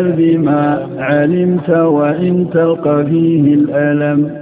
بما علمت وإن تلقى فيه الألم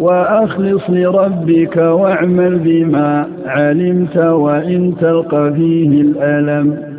وأخلص لربك واعمل بما علمت وإن تلقى فيه الألم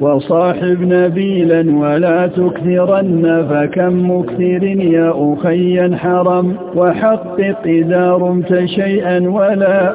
وصاحب نبيلا ولا تكثرن فكم مكثر يا أخي حرم وحقق إذا رمت شيئا ولا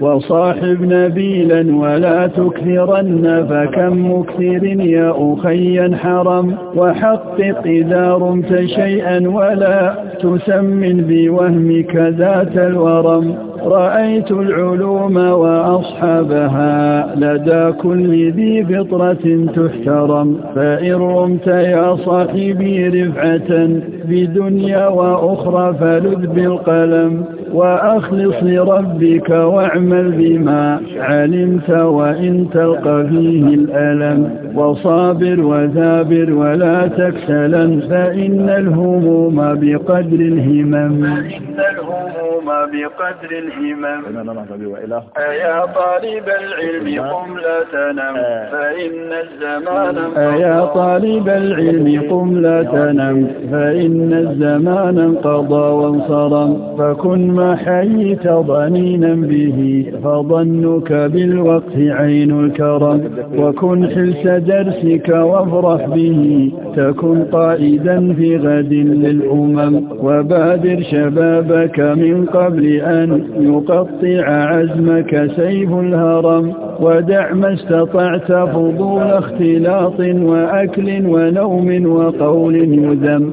وصاحب نبيلا ولا تكثرن فكم مكثر يا أخي حرم وحقق إذا رمت شيئا ولا تسمن بوهمك ذات الورم رأيت العلوم وأصحابها لدى كل ذي فطرة تحترم فإن رمت يا صاحبي رفعة بدنيا وأخرى فلذ بالقلم وأخلص لربك واعمل بما علمت وإن تلقى فيه الألم وصابر وثابر ولا تكسلا فإن الهموم بقدر الهمم قم بقدر الهمم أيا طالب العلم قم لا تنم آه. فإن الزمان أيا طالب العلم قم لا تنم فإن الزمان انقضى وانصرم فكن ما حييت ضنينا به فظنك بالوقت عين الكرم وكن حلس درسك وافرح به تكن قائدا في غد للأمم وبادر شبابك من قبل أن يقطع عزمك سيف الهرم ودع ما استطعت فضول اختلاط وأكل ونوم وقول يذم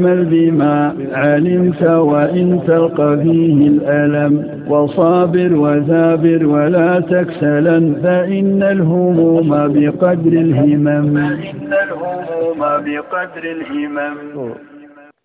اعمل بما علمت وإن تلقى فيه الألم وصابر وثابر ولا تكسلا فإن الهموم بقدر الهمم فإن الهموم بقدر الهمم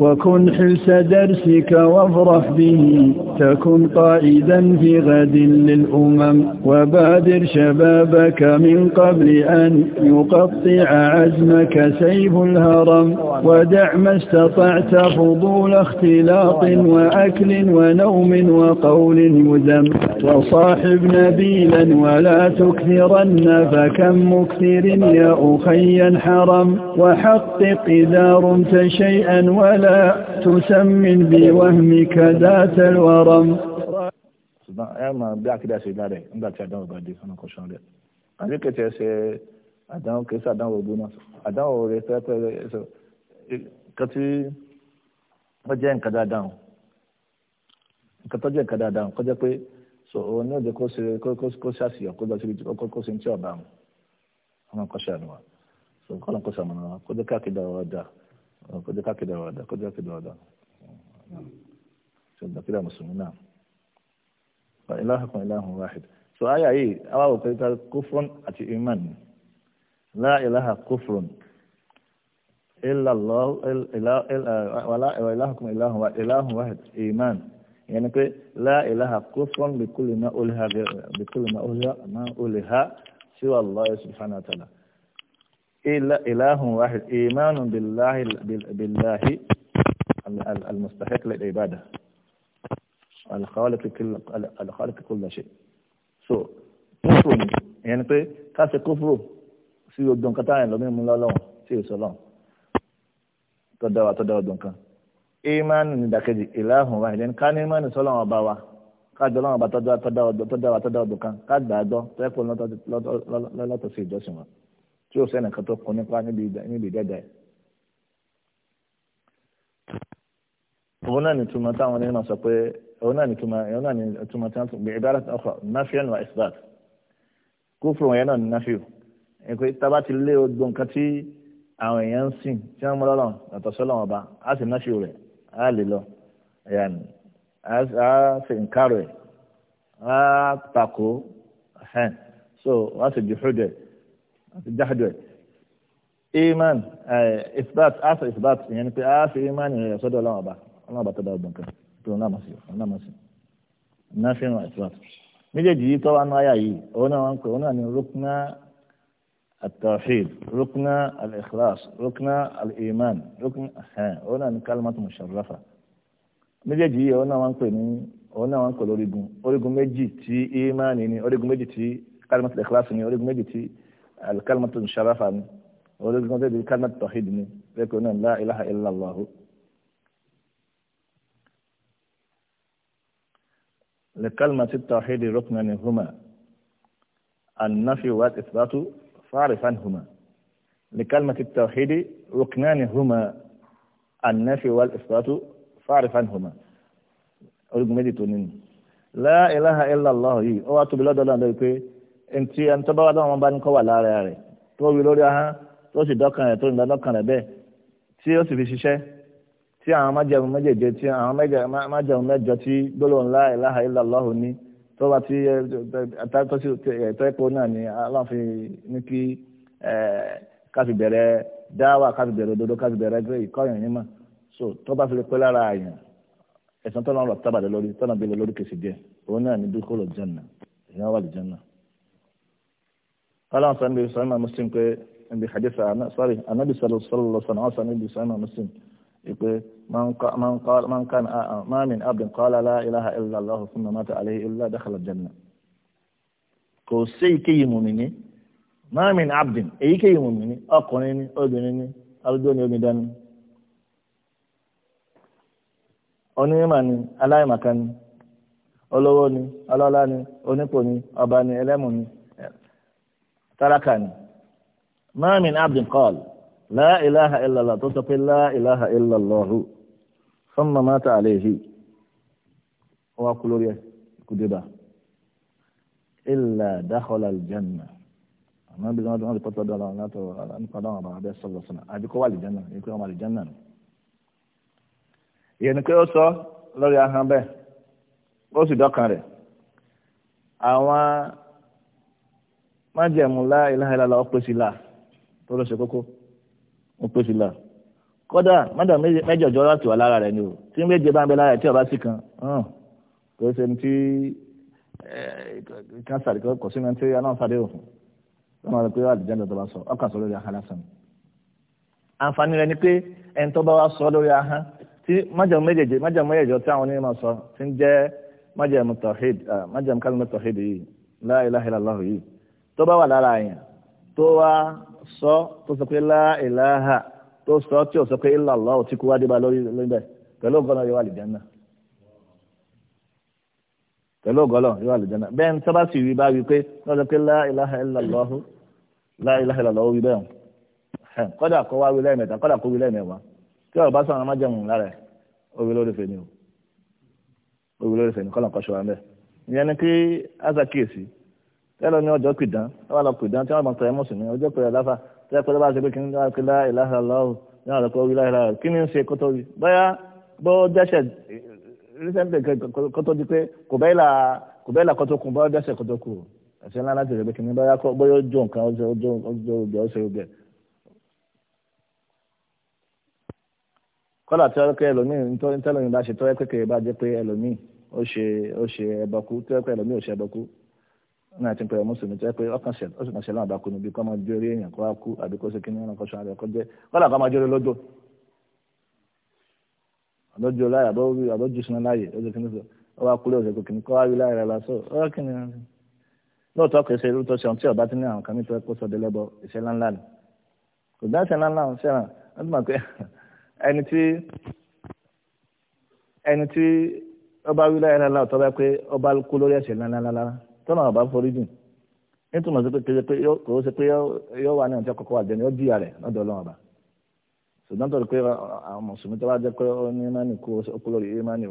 وكن حلس درسك وافرح به تكن قائدا في غد للأمم وبادر شبابك من قبل أن يقطع عزمك سيف الهرم ودع ما استطعت فضول اختلاط وأكل ونوم وقول مذم وصاحب نبيلا ولا تكثرن فكم مكثر يا أخي حرم وحقق إذا رمت شيئا ولا لا تسمن بوهمك ذات الورم ṣùgbọ́n ẹ mọ̀ bí akéde ṣe lára ẹ̀ nígbà tí àdánwò bá dé ọ̀nà kan ṣan rẹ̀ àti kẹ̀tẹ̀ ṣe àdánwò kẹsí àdánwò gbóná àdánwò rẹ̀ pẹ́pẹ́ ẹ̀sọ́ nǹkan tí wọ́n jẹ́ nǹkan dáadáa nǹkan tó jẹ́ nǹkan dáadáa kọ́ jẹ́ pé so òun ní òde kó ṣe kó ṣe àṣìyàn kó lọ síbi kó kó ṣe ní tí ọ̀bà àwọn ọmọ kan ṣe àná wa so kọ́ lọ́n kó ṣàmùnà wa kó jẹ́ káàkiri ọ̀rọ̀ dáa قد يقع كده وهذا قد يقع كده وهذا شد كده مسلم نعم فإلهكم إله واحد so aya yìí àwa wò pé kufrun àti iman la ilaha kufrun illa allah wala ilahakum ilahu wa ilahu wahid iman yani pé la ilaha kufrun bi kulli ma ulha bi kulli ma ulha ma ulha siwa allah subhanahu wa ta'ala إله واحد إيمان بالله بالله المستحق للعبادة الخالق كل الخالق كل شيء so kúfùrù ni ìyẹn ni pé ká ṣe kúfùrù sí gbogbo nǹkan táwọn ẹlòmíín mú lọ́lọ́run sí èso lọ́run tó dáwà tó dáwà dùnkan ìmánu nídàkejì ìlàhùn wa ìdẹni ká ní ìmánu sọ́lọ́run ọba wa ká jọ lọ́run ọba tó dáwà tó dáwà dùnkan ká gbàgbọ́ tó yẹ kó lọ́tọ̀ sí ìjọsìn wọn tí ó sẹ́nì kan tó kún nípa níbi ìdẹ́dẹ́. òun náà nìtumọ̀ táwọn onímọ̀ sọ pé òun náà nìtumọ̀ òun náà nìtumọ̀ tí wọ́n tún gbé ibára ọkọ̀ nafiyan wa isbat kúfùrù wọn yẹn náà ní nafiyu èpè tába ti lé gbogbo nǹkan tí àwọn èèyàn ń sìn tí wọ́n mú lọ́lọ́ sọ́lọ́ wọn bá a sì nafiyu rẹ̀ a lè lọ ẹ̀yà ni a sì ń kárò ẹ̀ a tako so wọ́n sì jù fúdẹ̀ àti jáde ẹ̀ iman eh, isbat asa isbat ìyẹn ni pé a fi iman yẹn sọ́dọ̀ ọlọ́run ọba ọlọ́run ọba tó dá ọgbọ̀n kan tó náà mọ̀ sí ọ̀nà mọ̀ sí isbat méjèèjì yìí tọ́wọ́ anú ayà yìí òun náà wọn pè òun náà ni rukna التوحيد ركن الإخلاص ركن الإيمان ركن هنا كلمة مشرفة méjèèjì yìí ọ̀nà wọn pè ní ọ̀nà wọn pè lórígun orígun méjì tí ìmánì ni orígun méjì tí kálímọ̀tì lẹ́kíláàsì ni orígun méjì tí alikalimatu sharafa ni olóògùn tó di kalimatu tawhid ni lẹ́kọ̀ọ́ náà la ilaha illallah. لكلمة التوحيد ركنا هما النفي والإثبات فاعرف عنهما لكلمة التوحيد ركنان هما النفي والإثبات فاعرف عنهما أقول لكم لا إله إلا الله أوعى تبلا دولا دولا ntí ẹni tó bá wà lọ́wọ́ bá ní kọ́ wà lára rẹ̀ tó wí lórí ahọ́n tó sì dọ́kàn rẹ̀ tó ń dọ́kàn rẹ̀ bẹ́ẹ̀ tí ó sì fi ṣiṣẹ́ tí àwọn májẹ̀mú méjèèjé tí àwọn májẹ̀mú mẹ́jọ tí gbólóhùn la ilaha illallah ní tó bá ti tẹ́kọ̀ọ́ náà ni aláàfin ní kí káfi bẹ̀rẹ̀ dáwà káfi bẹ̀rẹ̀ òdodo káfi bẹ̀rẹ̀ gírè ìkọ́yàn yín mọ̀ so tó bá fi lè pẹ́ lára àyàn ẹ̀sán tó náà lọ tábàdé lórí tó náà bí lórí kèsì díẹ̀ òun náà ní dúkọ́ lọ jẹ́nà ìyẹn wà lè jẹ́nà. قال عن صلى الله عليه وسلم حديث بحديث صاري النبي صلى الله عليه وسلم النبي صلى الله عليه وسلم يقول من من قال من كان ما من عبد قال لا اله الا الله ثم مات عليه الا دخل الجنه kò sí ìkéyìí mùmìnì ma min abdin èyíkéyìí mùmìnì ọkùnrin ni obìnrin ni arúgbó ni omidan ni onímọ̀ ni aláìmọ̀kan ni olówó ni tálákà ni ma min abdin qal la ilaha illallah tó sọ pé la ilaha illallahu thumma mata alayhi ó wá kú lórí ẹ̀ kú débà illa dakhala aljanna àmọ́ bí wọ́n ti pọ́tọ́ dọ́là látọ̀ nípa dáhùn àbá abẹ́ sọ̀rọ̀ sọ̀nà àbíkọ́ wà aljanna ikú ọmọ aljanna ni ìyẹn ni pé ó sọ lórí ahọ́n bẹ́ẹ̀ ó sì dọ́kan rẹ̀ àwọn májẹ̀mú la ilaha illallah ó pèsè là tó lọ ṣe kókó ó pèsè là kódà mọ́tò mẹ́jọ jọ láti wà lára rẹ̀ ni o tí méje bá ń bẹ lára rẹ̀ tí ọba sì kan kò ṣe ní tí kánsà kò sí ní tí aláǹfààní ò fún wọn máa rẹ pé àdìjẹ́ ní ọ̀dọ́ba sọ ọkàn sọ lórí ahọ́n lásán àǹfààní rẹ̀ ni pé ẹni tó bá wa sọ lórí ahọ́n tí májẹ̀mú méjèèjì májẹ̀mú méjèèjì tí àwọn onímọ̀ sọ ti ń jẹ́ májẹ̀mú tọ̀híd ah, májẹ̀mú kálímù yìí la tó bá wà lára yẹn tó wá sọ tó sọ pé láìláha tó sọ tí ò sọ pé ìlàlọ́ ò tí kú wá dé bá lórí lóńbẹ̀ pẹ̀lú ọgọ́nà yóò wà lè jẹ́nà pẹ̀lú ọgọ́nà yóò wà lè jẹ́nà bẹ́ẹ̀ ní sábà sì rí bá wí pé wọ́n sọ pé láìláha ìlàlọ́ láìláha ìlàlọ́ wí bẹ́ẹ̀ kọ́dà kó wá wí lẹ́ẹ̀mẹ́ta kọ́dà kó wí lẹ́ẹ̀mẹ́wàá tí ọ̀rọ̀ bá sọ̀rọ̀ májẹ̀mú lára ẹ̀ orí lórí fèmí o tẹ́lọ ní ọjọ́ pìdán wọ́n lọ tí wọ́n máa tẹ̀yẹ́ mùsùlùmí ọjọ́ pẹ̀lú aláfà tẹ́lẹ̀ pẹ̀lú bá a ṣe pé kí ní wọ́n pe láìláha lọ́wọ́ ní wọ́n lọ pé láìláha kí ní ń ṣe kótó rí bóyá bó dẹ́sẹ̀ recently kótó di pé kò bẹ́ẹ̀ là kótó kun dẹ́sẹ̀ kótó kù ẹ̀sẹ̀ ńlá láti rẹ̀ pé kí jó nǹkan ó ó náà ti ń pẹ̀lú mùsùlùmí tẹ́ pé ọkàn ṣẹlẹ̀ ó sì kàn ṣẹlẹ̀ àbákú níbi kọ́ máa jórí èèyàn kó wá kú àbí kó ṣe kí ní ọ̀nà kan ṣọ́ra rẹ̀ kó jẹ́ kọ́lá kó máa jórí lọ́jọ́ lọ́jọ́ láyé àbójú sinmi láyé ó ṣe kí ní sọ ó wá kúlẹ̀ òṣèlú kì kọ́ wá láyé rẹ̀ lásán ó wá kí ni lóòótọ́ kì í ṣe irú tó ṣe ohun tí ọba ti ní àwọn kan nítorí kó sọ délẹ́bọ iṣẹ́ ńláńlá ni kò bá pé ọba kú lórí ẹ̀ṣẹ̀ ńláńlá tọ́nà àbá forí jìn nítorí wọn sọ pé kéde pé kò ó ṣe pé yóò wà ní ọ̀tí ọkọ̀ wà jẹni ó jìyà rẹ̀ lọ́dọ̀ ọlọ́run ọba ṣùgbọ́n tó rí pé àwọn mùsùlùmí tó bá jẹ́ pé ó ní imáni kú ó kú lórí imáni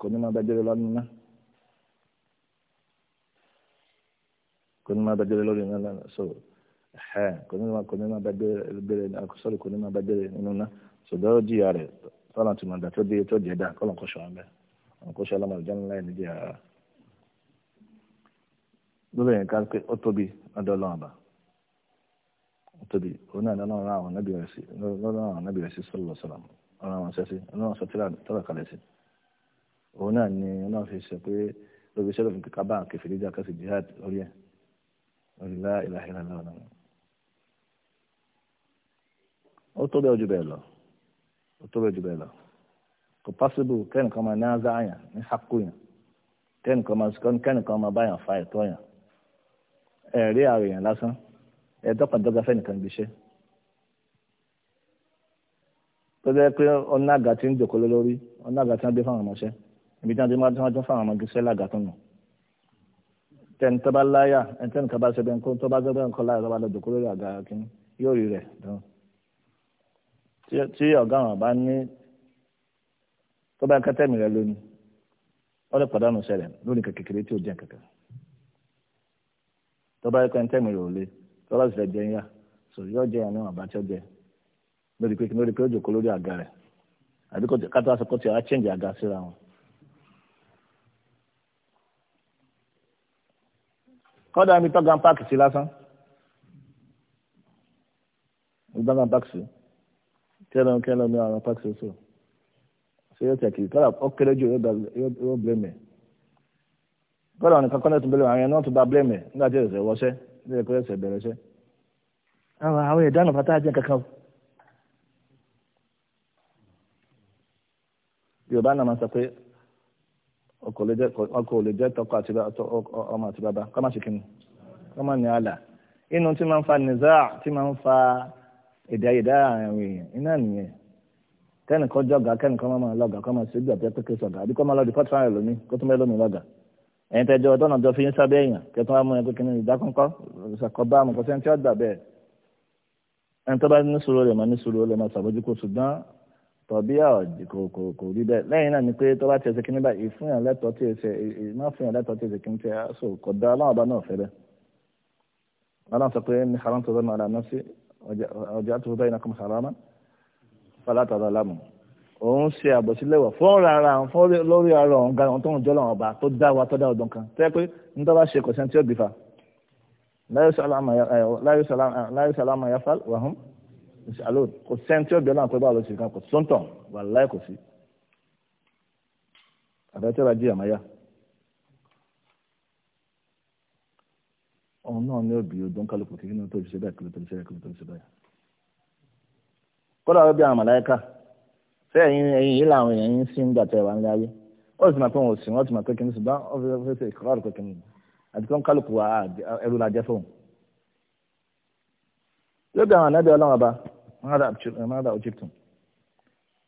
kò ní máa bẹ jẹ́rẹ́ lọ́dún náà kò ní máa bẹ jẹ́rẹ́ lórí iná náà so kò ní máa bẹ jẹ́rẹ́ sọ́rí kò ní máa bẹ jẹ́rẹ́ nínú náà ṣùgbọ́n ó jìyà rẹ̀ tọ́nà tó máa dà tó dé tó jẹ́ dà kọ́lọ̀ lórí ẹ̀yìn ká pé ó tóbi ọ̀dọ̀ ọlọ́run ọba ó tóbi òun náà lọ́nà ọ̀rọ̀ àwọn nábì rẹ̀ sí lọ́nà àwọn nábì rẹ̀ sí sọ́lọ́ sọ́lọ́ ọ̀rọ̀ àwọn sẹ́sí ọlọ́run sọ tọ́lá kalẹ̀ sí òun náà ni ọlọ́run fi sọ pé lórí iṣẹ́ lófin kíkà bá kẹfìrí jà kẹsì jihad lórí ẹ̀ lórí lá ilaha illallah ọ̀nà ó tó bẹ́ẹ̀ ju bẹ́ẹ̀ lọ ó tó bẹ́ẹ̀ ju bẹ́ẹ̀ lọ kò pásíbù kẹ́nìkan máa náà záàyàn ní hákù kẹ́nìkan máa báyàn fa ẹ̀tọ́ ẹ̀rí àwọn èèyàn lásán ẹ̀ẹ́dọ́kàndọ́gba fẹ́nìkan gbéṣẹ́ tó jẹ́ pé ọ̀nà àgà tí ń jòkó lórí ọ̀nà àgà tí wọ́n gbé fáwọn ọmọọṣẹ́ ibi tí wọ́n ti máa tí wọ́n tún fáwọn ọmọọṣẹ́ iṣẹ́ làgà tó nù tẹni tó bá láyà ẹni tẹni kan bá ṣe bẹ́ẹ̀ tó bá gbẹ́bẹ́ nǹkan láyà tó bá lọ jòkó lórí àgà kínní yóò rí rẹ̀ dán tí ọ̀gá àwọn bá ní tó bá kẹ́tẹ́mì rẹ̀ lónìí ó tọ́ba ẹ̀kọ́ ẹni tẹ́mi rò lé tọ́ba sì fẹ́ jẹ ń yá sọ yọ jẹ àná àbá tí ó jẹ lórí pé lórí pé ó jòkó lórí àga rẹ̀ àbí kátó aṣọ kó ti á chẹ́ǹgì àga síra wọn. kọ́dà mi tọ́gàn páàkì sí lásán tọ́gàn páàkì sí kẹ́lọ́ kẹ́lọ́ ní àwọn páàkì sí sọ ṣé yóò tẹ̀ kiri kọ́dà ó kéré jù yóò blé mẹ́ẹ̀. kọ́dà ọ̀nà kankan náà tún bẹ̀rẹ̀ àwọn yẹn náà tún bá blame ẹ̀ nígbà tí ẹ̀sẹ̀ wọṣẹ́ ní ẹ̀kọ́ ẹ̀sẹ̀ bẹ̀rẹ̀ ṣẹ́. àwọn àwọn ìdáná fata jẹ́ kankan. yorùbá náà máa sọ pé ọkọ ò lè jẹ́ tọkọ àti ọmọ àti bàbá kọ́ máa ṣe kí ni kọ́ máa ní àlà inú tí máa ń fa nìzá tí máa ń fa èdè àyèdè àwọn èèyàn iná nìyẹn kẹ́nìkan jọ̀gá kẹ́nìkan máa lọ́gà kọ́ máa ṣe é ẹ̀yin tẹ́jọ́ ọdọ́ náà jọ fi yín sábẹ́ èèyàn kẹtọ́ wa mú ẹ pé kí ni ìdákọ́ńkọ́ ìṣàkọ́ bá àmọ́ kọ́sẹ́ tí ó dà bẹ́ẹ̀ ẹni tó bá ní sùúrù rẹ̀ máa ní sùúrù rẹ̀ máa sàbójúkú ṣùgbọ́n tọ̀bí àọ̀dì kò kò kò rí bẹ́ẹ̀ lẹ́yìn náà ni pé tó bá ti ẹsẹ̀ kíní báyìí ìfúnyàn lẹ́tọ̀ọ́ tí ẹsẹ̀ ìmá fúnyàn lẹ́tọ̀ọ́ tí ẹsẹ̀ kíní tí aṣọ kò dá ọlọ́run ọba náà fẹ́ bẹ́ẹ̀ ọlọ́run sọ pé ní haram tó lọ́nà àlànà sí ọjà tó bẹ́ẹ̀ òun ṣe àbòsílẹ̀wọ̀ fọ́ọ̀rọ̀ ara àwọn fọ́ọ̀rọ̀ lórí ara òun gan tó ń jọ́ lọ́wọ́ ọba tó dá wa tó dá ọdún kan tẹ́ pé ń tọ́ bá ṣe kò sẹ́ni tí láyé sàlámà yá wàhùn ìṣàlóòn kò sẹ́ni tí ó eh, pé báwo ló ṣe ṣé ẹ̀yin ẹ̀yin yìí làwọn èèyàn yín sí ń gbà tẹ̀ wá ń láyé wọ́n sì máa pé wọn ò sìn wọ́n sì máa pé kí ni ṣùgbọ́n wọ́n fi fẹ́ ṣe pé kí ni àti kọ́n kálukú wa ẹrú la jẹ́ fóun. yóò bí àwọn ànábì ọba mọ́nàdà òjìtùn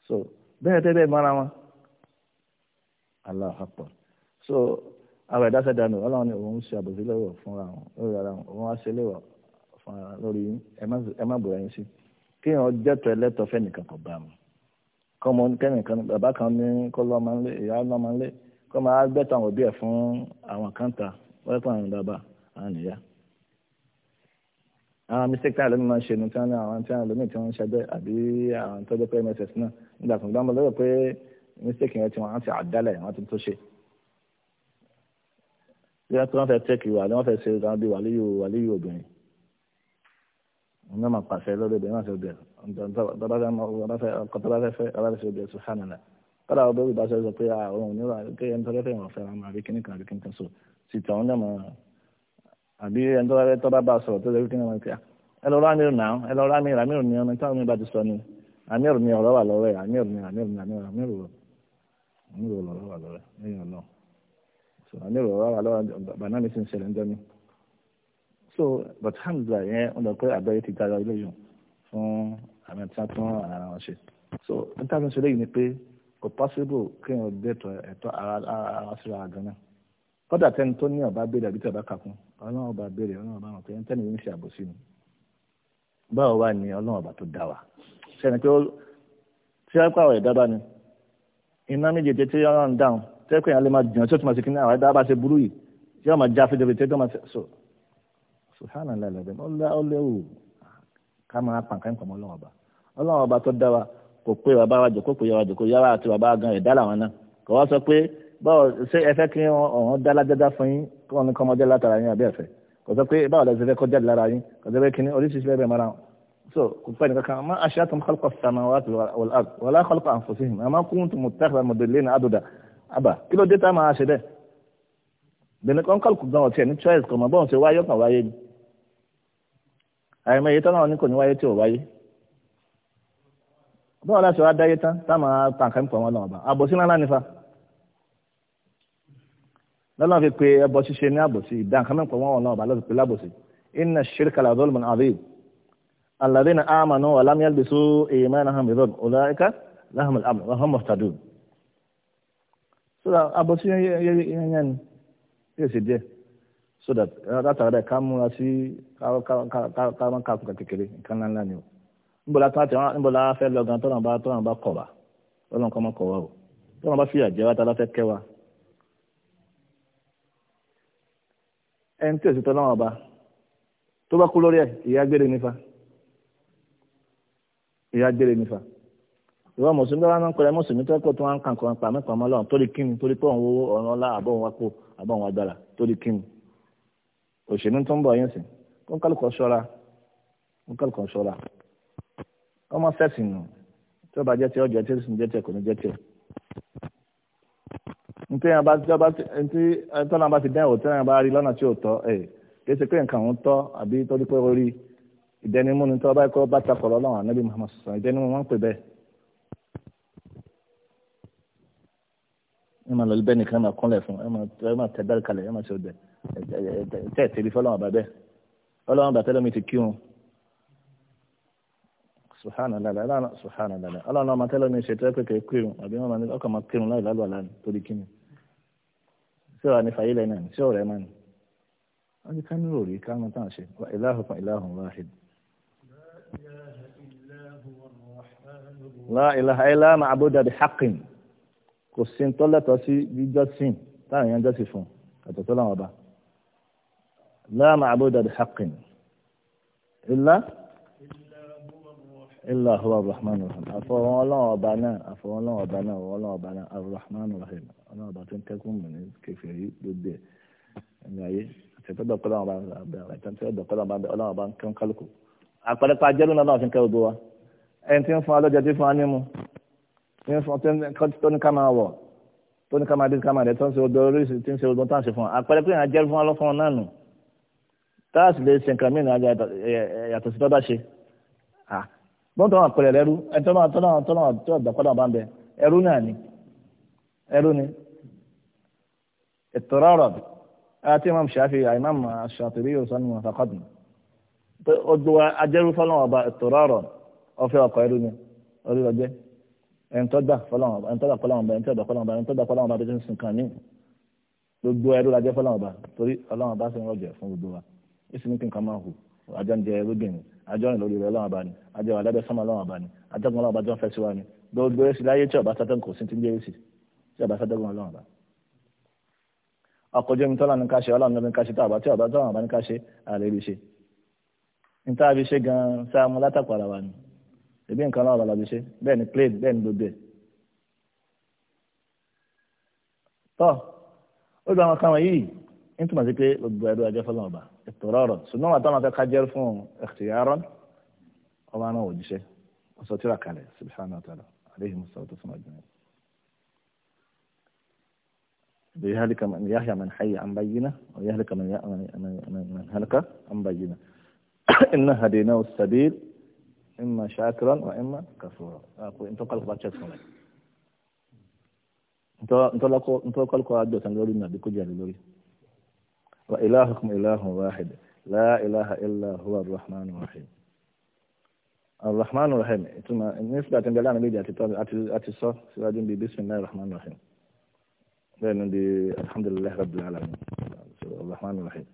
so bẹ́ẹ̀ tẹ́ bẹ́ẹ̀ mọ́ra wọn Allahu Akbar so àwọn ẹ̀dá sẹ́dá nù ọlọ́run ni òun ṣe àbòsí lẹ́wọ̀ fúnra wọn lórí ara wọn òun á ṣe lẹ́wọ̀ fúnra lórí ẹ má bùrẹ̀ yín sí kéèyàn jẹ́tọ̀ ẹlẹ́tọ̀ fẹ́ nìkan kọ̀ bá mu kọ́mọ kẹ́nìkan bàbá kan ní kọ́lọ́ máa ń lé ìyá náà máa ń lé kọ́ máa gbẹ́tọ̀ àwọn òbí ẹ̀ fún àwọn kàńtà wọ́n fún àwọn bàbá àwọn ìyá. àwọn mistake táwọn ẹlòmíì máa ń ṣe ní tí àwọn tí àwọn ẹlòmíì tí wọ́n ń ṣẹgbẹ́ àbí àwọn tó jẹ́ pé mss náà nígbà tó ń gbà mọ́ lọ́wọ́ pé mistake yẹn tí wọ́n ti àdálẹ̀ wọ́n ti tó ṣe. bí wọ́n fẹ́ tẹ́kì wà ní ọmọ pàṣẹ lọ́dọ̀ ìbẹ̀rẹ̀ máṣe obìnrin ọ̀tọ̀bàfẹ́ ọ̀bàfẹ́ sùhánàlá kọ́dà ọ̀bẹ òbí báṣẹ sọ pé àwọn onírà pé ẹni tó fẹ́ wọn fẹ́ wọn máa rí kíní kan rí kíní kan so sì tàn ọ́n dẹ̀ mọ́ àbí ẹni tó bá fẹ́ tọ́ bá bá sọ̀rọ̀ tó lè rí kíní kan kíá ẹ lọ́ọ́ rámìrì náà ẹ lọ́ọ́ rámìrì rámìrì ni ọmọ táwọn mi bá ti sọ ni àmìrì ni ọ̀rọ̀ wà lọ́rẹ́ àmìrì ni àmìrì ni àmìrì àmìrì ọ̀rọ̀ wà lọ́rẹ́ ẹ̀yìn ọ̀nà àmìrì ọ̀rọ̀ wà lọ́rẹ́ bàná mi sì ń ṣẹlẹ̀ ń dẹ́mi so but hamza yẹn wọn lọ pé àgbáyé ti dára eléyìí fún àmì tí wọn tún ara wọn ṣe so níta fi ń ṣe eléyìí ni pé kò possible kí n ò dẹ́tọ̀ ẹ̀tọ́ ara síra àgbọn náà kódà tẹni tó ní ọba béèrè àbí tí ọba kàkún ọlọ́run ọba béèrè ọlọ́run ọba ọ̀pẹ tẹni yìí ń ṣe àbòsí ni báwo wá ní ọlọ́run ọba tó dá wa sẹ́ni pé tí wọ́n pààrọ̀ ẹ̀dá bá ní iná méjèèjì tí ọlọ́run dáhùn tẹ́kọ̀ọ́ yẹn lè máa jìnnà tí ó tún máa ṣe kí ní àwọn ẹ̀dá ṣe burú yìí tí wọ́n máa já fẹ́jọ́ fẹ́jọ́ máa ṣe so sùhánà lẹ́lẹ́dẹ́ ọlẹ́wù ká máa pàǹkà ń pàmò ọlọ́wọ́n ọba ọlọ́wọ́n ọba tó dá wa kò pé bàbá wa jòkó pé yàrá jòkó yàrá àti bàbá gan ẹ̀dá làwọn náà kò wá sọ pé báwo ṣé ẹ fẹ́ kí ọ̀hún dá lájájá fún yín kí wọ́n ní kọ́ ọmọdé látara yín àbí ẹ̀fẹ́ kò sọ pé báwo lẹ́sẹ̀ fẹ́ kọ́ jáde lára yín kò sọ pé kíní oríṣiríṣi lẹ́bẹ̀ẹ́ mọ́ra so kò pẹ́ nìkan kan má aṣáá tó ń kọ́lùkọ́ sàmà wà lá kọ́lùkọ́ àǹfọ̀síhìn àmọ́ kún tó mú tẹ́kọ̀ọ́ mọ̀dẹ́lẹ́ ní àdùdà àbà kí ló dé tá máa ṣe bẹ́ẹ̀ bẹ̀rẹ̀ kọ́ńkọ́lùkù gan ọ̀tí ẹ̀ ní choice kọ̀ mọ́ bọ́ọ̀ ṣe wáyé kan wáyé ni àìmọ iye tọ́lọ́wọ́ ní kò ní wáyé tí ò wáyé bọ́ọ̀ láti wá dáyé tán táwọn pàǹkà ń pọ̀ wọn lọ́wọ́ bá àbòsí ńlá nífa lọ́lọ́wọ́ fi pe ẹbọ ṣíṣe ní àbòsí ìdáǹkà mẹ́pọ̀ wọn lọ́wọ́ bá lọ́wọ́ fi lábòsí inna shirka la dhulmun adhim alladhina amanu wa lam yalbisu imanahum bi dhulm ulaika lahum al-amn wa hum muhtadun. sọ́dọ̀ àbòsí yẹn yẹn yẹn yẹn yẹn yẹn yẹn so that látara uh, rẹ̀ ká múra sí ká má kàkùn kékeré nǹkan ńláńlá ni o níbo la tán àti níbo la fẹ́ lọ gan tọ́lọ́n bá tọ́lọ́n bá kọ̀ wá tọ́lọ́n kọ́ mọ́ kọ̀ wá o tọ́lọ́n bá fìyà jẹ wá tá a fẹ́ kẹ́ wa. ẹni tí ò sí tọ́lọ́n ọba tó bá kú lórí ẹ̀ ìyà gbére nífa ìyà gbére nífa ìwọ mùsùlùmí wọn náà ń kọlẹ mùsùlùmí tó kọ tó wọn kàn kàn pàmípàmọ́ lọ́wọ́ torí kíni torí pé òun wo ọ̀ràn ọlá àbọ̀ òun wá kó àbọ̀ òun wá dára torí kíni òṣèlú tó ń bọ̀ yín sìn kó ń kálukọ̀ ṣọ́ra ń kálukọ̀ ṣọ́ra ọmọ sẹ́sìn nù tí ó bá jẹ́ tí ọjọ́ tí ó sì ń jẹ́ tiẹ̀ kò ní jẹ́ tiẹ̀. nítorí àwọn bá tí tọ́lá bá ti dán ìwò tí wọ́n bá rí lọ́nà tí ò tọ́ ẹ̀ kí ṣe pé nǹkan òun tọ́ àbí tó dípẹ́ orí ìdẹnimú ni tọ́ bá kọ́ bá takọ̀ lọ́wọ́ ànábì Muhammad sọ̀rọ̀ ìdẹnimú wọn pè bẹ́ẹ̀ tẹ́ ẹ̀ tẹ́lẹ̀ fọlọ́wọ́n bàbẹ́ ọlọ́wọ́n bàtẹ́ lómi ti kírun subhanallah subhanallah ọlọ́wọ́n ọmọ tẹ́lẹ̀ mi ṣètò ẹ̀pẹ̀kẹ̀ kírun àbí wọn ọkọ̀ máa kírun láì lálọ́ àlá torí kíni ṣé wàá ní fàyè lẹ́yìn náà ṣé ọ̀rẹ́ máa ní. wọ́n ti ká ní rò rí káwọn táwọn ṣe ìlàhùn kan ìlàhùn wáhid. la ilaha illa ma'buda bi haqqin kò sí ń tọ́lẹ̀tọ́ sí táwọn èèyàn jọ́sìn fún ẹ̀tọ́ tó láwọn ọba. لا معبود بحق إلا إلا هو الرحمن الرحيم أفوان الله وبنا أفوان الله وبنا والله وبنا الرحمن الرحيم أنا باتن تكون من كيف يدي يعني تبدأ كل ما بعد تبدأ كل ما بعد الله بعد كم كلكو أقبل تاجر لنا عشان كلو دوا أنت يوم فعلوا جدي فاني مو يوم فعلوا تون كم هو تون كم هذا كم هذا تون سو دوري تون سو دون تان سفون أقبل كل أجر فان الله فان نانو sáàsì lè ṣe nǹkan mìíràn yàtọ̀ sí tọ́ba ṣe bọ́n tó wà pẹ̀lẹ́ lẹ́rú ẹni tó náà tó náà tó náà tó ọ̀dọ̀ kọ́dà bá ń bẹ ẹrú náà ni ẹrú ni ìtura ọ̀rọ̀ àti imam shafi imam shafi'i yóò sanu àfàkọ́dùn ó do ajẹ́rú fọlọ́wọ́n ọba ìtura ọ̀rọ̀ ọ̀fẹ́ ọkọ̀ ẹrú ni orí ọjẹ́ ẹni tó dà fọlọ́wọ́n ọba ẹni tó ọba ẹni tó ọba ẹni tó ọba yóò sì ní kí nǹkan máa hù àjọ ń jẹ rúbìn ni àjọ ń lórí rẹ lọ́wọ́ bá ni àjọ wà lábẹ́ sánmà lọ́wọ́ bá ni àjọgbọ́n lọ́wọ́ bá jọ ń fẹ́ sí wa ni gbogbo èsì láyé tí ọba sátẹ́gùn kò sí ti ń jẹ́ èsì tí ọba sátẹ́gùn lọ́wọ́ bá. ọkọ̀ ojú tọ́lá ní ká ṣe ọlọ́run ní ká ṣe tàbá tí ọba tọ́lá bá ní ká ṣe àlè rí ṣe. n tá ṣe gan-an sáà wa ni ebi nǹkan lọ́wọ́ bá la fi ṣe bẹ́ẹ̀ ni plane bẹ́ẹ̀ ni gbogbo ẹ̀. tọ́ اضطرارا سنو ما tọ́mọ akẹ́kọ̀ọ́ فون اختيارا الله أنا náà شيء وصوتي لك عليه سبحانه وتعالى عليه الصلاة والسلام أجمعين tó بيهلك من يحيى من حي عن بينة ويهلك من من هلك عن بينة إن هديناه السبيل إما شاكرا وإما كفورا أنتم قلقوا باتشاتكم أنتم قلقوا أنتم قلقوا أدوة لوري النبي كجاري لوري وإلهكم إله واحد لا إله إلا هو الرحمن الرحيم الرحمن الرحيم ثم نسبة بلا نبي أتصى سراج بسم الله الرحمن الرحيم بين الحمد لله رب العالمين الرحمن الرحيم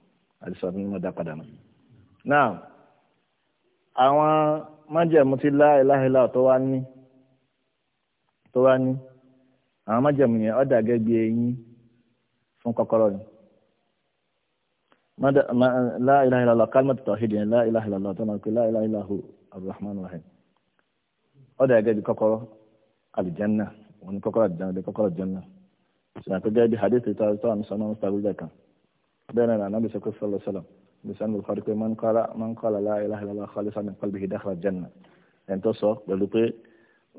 أتصى من مدى قدمه نعم àwọn májẹ̀mú ti lá ìláhìlá tó wá ní tó wá ní àwọn májẹ̀mú yẹn ọ̀dà gẹ́gẹ́ bí la ilaha illallah kálmà tawhid yẹn la ilaha illallah tó máa ń pè la ilaha illahu arrahman rahim ọ̀dà ẹ̀gẹ́ bí kọ́kọ́rọ́ alìjánná òun ni kọ́kọ́rọ́ alìjánná bí kọ́kọ́rọ́ alìjánná sọ̀rọ̀ àpẹjẹ́ bí hadith tó tó àmì sọ́nà ń sàgbéjà kan bẹ́ẹ̀ náà nàbí sọ́kọ́ sọ́lọ́ sọ́lọ́ bí sọ́nà olùkọ́ pé man qala la ilaha illallah khalisan min qalbihi dakhala janna ẹ̀ tó sọ pẹ̀lú pé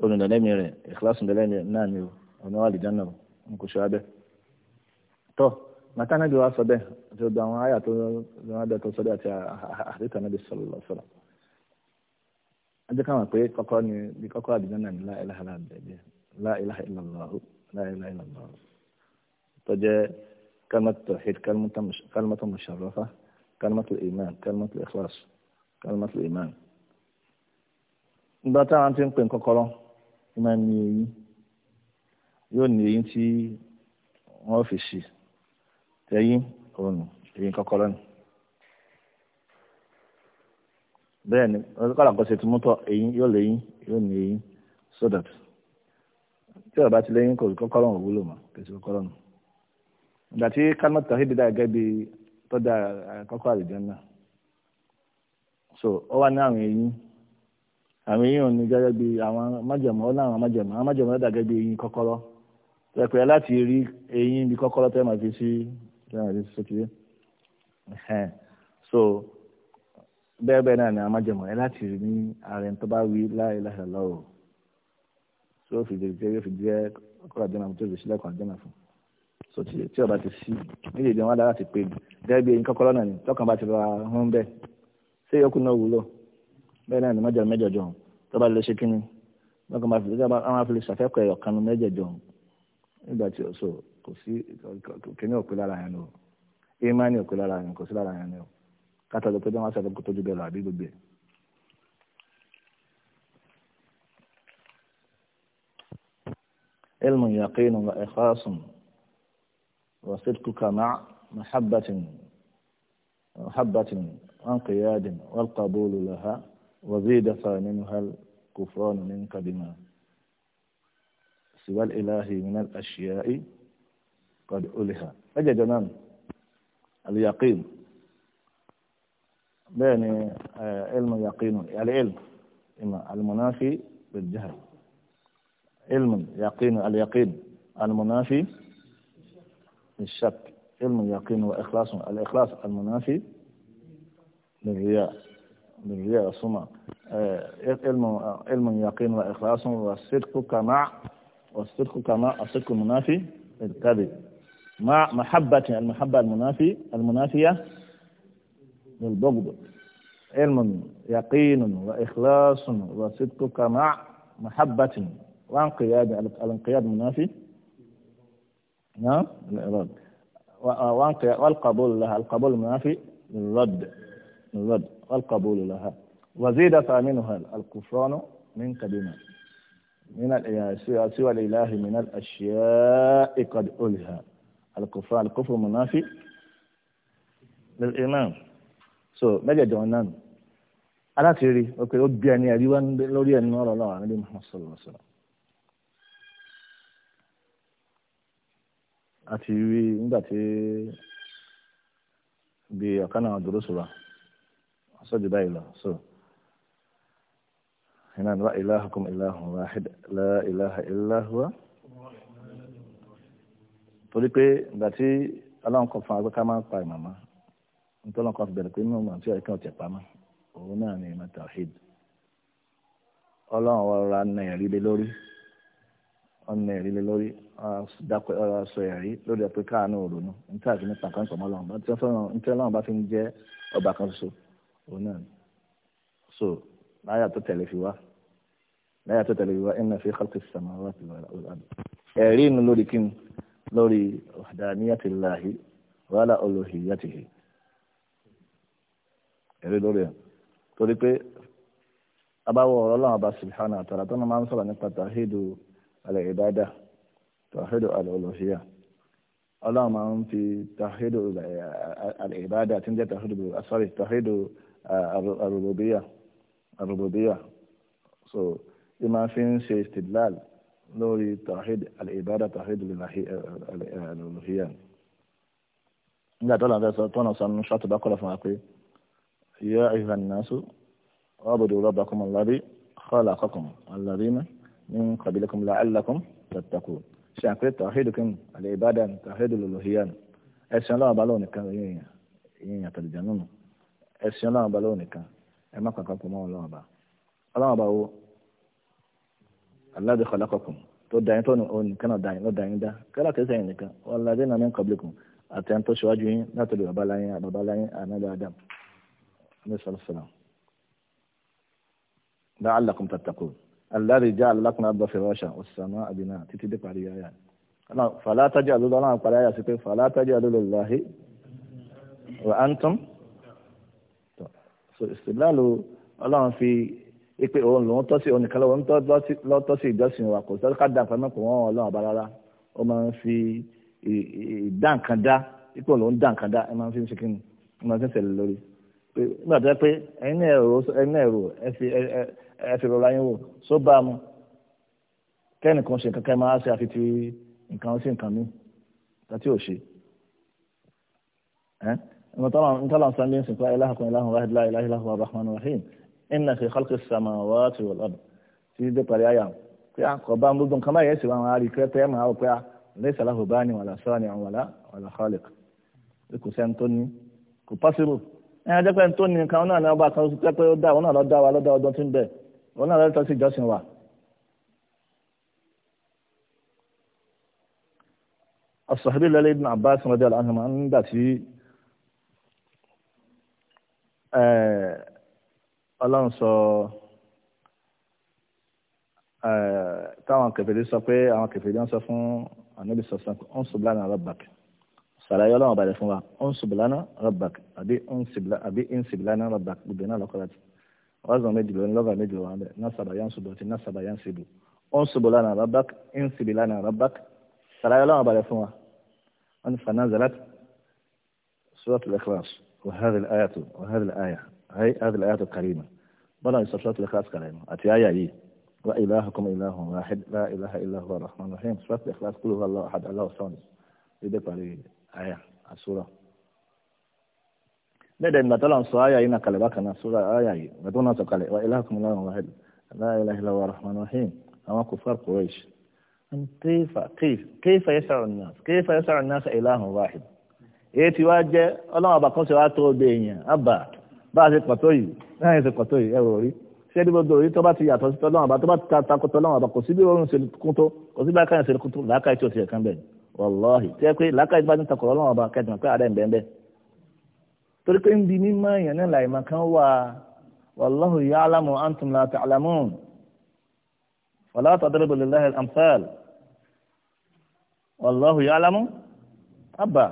olùdọ̀lẹ́mì rẹ̀ ìkíláàsì màtá nàbí wa sọ bẹ́ẹ̀ àti ọ̀dọ̀ àwọn àyà tó lọ́dọ̀ tó sọ bẹ́ẹ̀ àti àdìtà nàbí sọ̀rọ̀ sọ̀rọ̀ ajẹ́ káwọn pé kọ́kọ́ ni bí kọ́kọ́ àdìjọ́ náà ní láìláha láàbẹ̀bẹ̀ láìláha ìlàlọ́hù láìláha ìlàlọ́hù tó jẹ́ kálmátù tawhid kálmátù musharrafa kálmátù iman kálmátù ikhlas kálmátù iman. nígbà táwọn ti ń pè kọ́kọ́rọ́ ìmọ̀ ní eyín yóò ní eyín tí wọ́n fi ṣe tẹ́yìn òun èyí kọkọrọ ni bẹ́ẹ̀ ni kọ́lá kọ́ ṣe ti mú tọ́ eyin yóò yóò so that tí ọba ti léyìn kò kọkọrọ òun wúlò mọ́ kò sí nù ìgbà tí gẹ́gẹ́ bí tọ́jà eh, kọ́kọ́ so ó ní àwọn àwọn ò ní gẹ́gẹ́ bí àwọn ó ní àwọn àwọn ó bí kọ́kọ́rọ́ láti rí bí kọ́kọ́rọ́ fi sí ṣé àdé sọ́tì yé ẹ̀hẹ́n so bẹ́ẹ̀ bẹ́ẹ̀ náà ni a máa jẹ̀mọ̀ ẹ láti rí ní ààrẹ tó bá wí láì láì lọ́wọ́ tí ó fi jẹ́ jẹ́ yóò fi jẹ́ ọkọ̀ àjọmọ̀ tó fi sílẹ̀kùn àjọmọ̀ fún so tí tí ọba ti sí méjèèjì wọn dára ti pè mí gẹ́gẹ́ bí eyín kọ́kọ́rọ́ náà ni tọkàn bá ti ra hún bẹ́ẹ̀ ṣé yòókù náà wúlò bẹ́ẹ̀ náà ni mẹ́jọ mẹ́jọ jọ̀hún tó bá lè ṣe kíni tọkàn bá fi lè ṣàfẹ́kọ̀ọ́ ẹ̀yọ̀kan mẹ́jọ jọ̀hún nígbà tí kò sí lára yẹn ni o lára yẹn kò sí lára yẹn ni o kátà ló pé dáhùn bẹ́ẹ̀ lọ àbí gbogbo ẹ̀. علم يقين وإخلاص وصدقك مع محبة محبة وانقياد والقبول لها وزيد ثانيها الكفران منك بما سوى الإله من الأشياء قد ألها أجد نعم اليقين بين آه، علم يقين العلم إما المنافي بالجهل علم يقين اليقين المنافي الشك علم يقين وإخلاص الإخلاص المنافي للرياء للرياء والسمعة آه، علم علم يقين وإخلاص والصدق كما والصدق كما الصدق المنافي الكذب مع محبة المحبة المنافي المنافية للبغض علم يقين وإخلاص وصدقك مع محبة وانقياد الانقياد منافي نعم الإرادة والقبول لها القبول المنافي للرد للرد والقبول لها وزيد ثامنها الكفران منك بما من سوى الإله من الأشياء قد ألها alukófó alukófó mọ̀náfí iman so mẹ́jẹ̀jọ náà nù aláṣẹ́rí ọkọ̀ ó bí ẹni ẹ̀rí wá lórí ẹni ọ̀rọ̀ lọ́wọ́ àrẹ́lẹ́ mọ́ sọ̀rọ̀ sọ̀rọ̀ àti rí nígbà tí bí ọ̀kan náà dúró sọ̀rọ̀ sọ́jú báyìí lọ so إله ìlàhùkùn ìlàhùn واحد لا إله إلا هو torí pé ìgbà tí ọlọ́run kan fún agbẹ́ká máa ń pa ìmọ̀mọ́ nítorí ọlọ́run kan fi bẹ̀rẹ̀ pé nínú ọmọ tí ọ̀rẹ́kẹ́ ọ̀tẹ̀ pamọ́ òun náà ni ìmọ̀ tawhid ọlọ́run ọ̀rọ̀ ana ẹ̀rí lé lórí ọ̀nà ẹ̀rí lé lórí ọ̀rọ̀ sọ ẹ̀rí lórí ọ̀pẹ káàánú òrònú níta àti nípa kan pọ̀ mọ́ ọlọ́run bá tí ọlọ́run bá fi ń jẹ́ ọba kan ṣoṣo òun náà ni so láyà tó tẹ̀lé fi wá láyà tó tẹ̀lé fi wá ẹ̀rí inú lórí kíni lórí ọ̀dàníyàtì láàhí wàhálà olùhìyàtì hì èrè lórí ẹ̀ torí pé abáwọ ọ̀rọ̀ ọlọ́run ọba subhanahu àtàrà tó máa ń sọ̀rọ̀ nípa tàhídù alẹ́ ìbádà tàhídù alẹ́ olùhìyà ọlọ́run máa ń fi tàhídù alẹ́ ìbádà tí ń jẹ́ tàhídù sorry tàhídù arububiyya arububiyya so ìmọ̀ fi ń ṣe istidlal lórí tawhid al-ibada tawhid eh, al-uluhiyya eh, nígbà tó lànà sọ tọ́nà sanu ṣáàtù bá kọ́lá fún wa pé ya ayyuhan nasu u'budu rabbakum alladhi khalaqakum alladhina min qablikum la'allakum tattaqun ṣe àpé tawhid kan al-ibada tawhid al-uluhiyya ẹ̀sìn ọlọ́wọ́ balọ̀ nìkan yìnyín àtàlìjà nínú ẹ̀sìn ọlọ́wọ́ balọ̀ nìkan ẹ̀ má kàkà aláàdé kọlákọkùn tó dá yín tó nìkan náà dá yín ló dá yín dá kálá kẹsẹ yín nìkan wọn ládé náà ní kọbílìkùn àti àwọn tó ṣíwájú yín látọ̀lẹ̀ babaláyín àbabaláyín ànábì adam ní sọlọsọlọ. la'allakum tattaqun alladhi ja'ala lakum al-arda firashan was-samaa'a binaa'an títí dé parí ayà fala taj'alu lọ́la parí ayà sí pé fala taj'alu lillahi wa antum so ìsìlálù ọlọ́run fi ipe òun lòun tọ́ sí onìkan lọ́wọ́ lọ́ tọ́ sí ìjọsìn wa kò sọ ká dà nǹkan náà kò wọ́n ọlọ́run àbá rárá ó máa ń fi dá nǹkan dá ipò lòun dá nǹkan dá ẹ máa ń fi ń ṣèkínni ẹ máa ń fi ń ṣẹlẹ̀ lórí nígbà tó yẹ pé ẹ̀yin náà èrò ẹ̀yin náà èrò ẹ fi rọra yín wò só bá a mu kẹ́nìkan ṣe kankan máa ṣe àfi ti nǹkan sí nǹkan mi àti òṣè ẹ̀ ẹ̀ ń tọ́lá ń sáré ń sìnkú ayélujára kan ìlànà wàhálà ìlànà rahman rahim inna fi khalqis samawati wal ard tí dé parí àyà pé àkọ́bá gbogbo nǹkan báyìí ẹ̀sìn wọn àárí pé pé máa pé laysa lahu bani wala sani wala wala khaliq kò sẹ́ni tó ní kò pásírò ẹ̀yìn ajẹ́ pé ń tó ní nǹkan náà ní ọba kan ó ti pẹ́ pé ó dá òun wa lọ́dọ̀ ọdún tí ń bẹ̀ òun náà lọ́dọ̀ sí ìjọsìn wa. as-sahabi lẹ́lẹ́ ibn abbas radiyallahu anhuma nígbà tí ọlọ́run sọ táwọn kẹfìrí sọ pé àwọn kẹfìrí ń sọ fún ànábì sọ̀sán ń sùbìlánà rabbak sàlàyé ọlọ́run ọ̀bàdàn fún wa ń sùbìlánà rabbak àbí ń sùbìlánà rabbak gbogbo náà lọ́kọ́lá ti wọ́n zọ̀ méjì lónìí lọ́gà méjì lọ́wọ́ bẹ́ẹ̀ náà sàbàyà ń sùbọ̀ àti náà sàbàyà ń sèbù ń sùbìlánà rabbak ń sùbìlánà rabbak sàlàyé ọlọ́run ọ̀bàdàn fún wa wọ́n ti fànà zalat suratul ikhlas وهذه الآية وهذه الآية هاي هذه الآيات الكريمة بلا استفسارات الإخلاص كلامه أتي آية إيه وإلهكم إله واحد لا إله إلا هو الرحمن الرحيم صفات الإخلاص كله الله أحد الله الصمد يبقى لي آية السورة لدى ما تلام سورة آية إن كلام كنا سورة آية إيه بدون سكالة وإلهكم إله واحد لا إله إلا هو الرحمن الرحيم أما كفار قريش كيف كيف كيف يسع الناس كيف يسع الناس إله واحد يتواجه إيه الله بقول سواته بيني أبا bá a ṣe pàtó yìí náà yẹn ṣe pàtó yìí ẹ̀rọ rí ṣé ẹni gbogbo orí tó bá ti yàtọ̀ sí tọ́lọ́wọ́n àbá tó bá ti takò tọ́lọ́wọ́n àbá kò sí bí ṣe kún tó kò sí akáyàn ṣe kún tó làákàyè tí o ti yẹ bẹ̀ wàláhì tí ẹ pé làákàyè tí bá ti takò tọ́lọ́wọ́n àbá kẹ́tì mọ̀ pé àdá ìbẹ̀ ńbẹ̀ torí pé ń bi mímọ́ èèyàn náà làyè máa kán wà wàláhù ya'lamu antum la ta'lamun wàlá tadribu lillahi al-amthal abba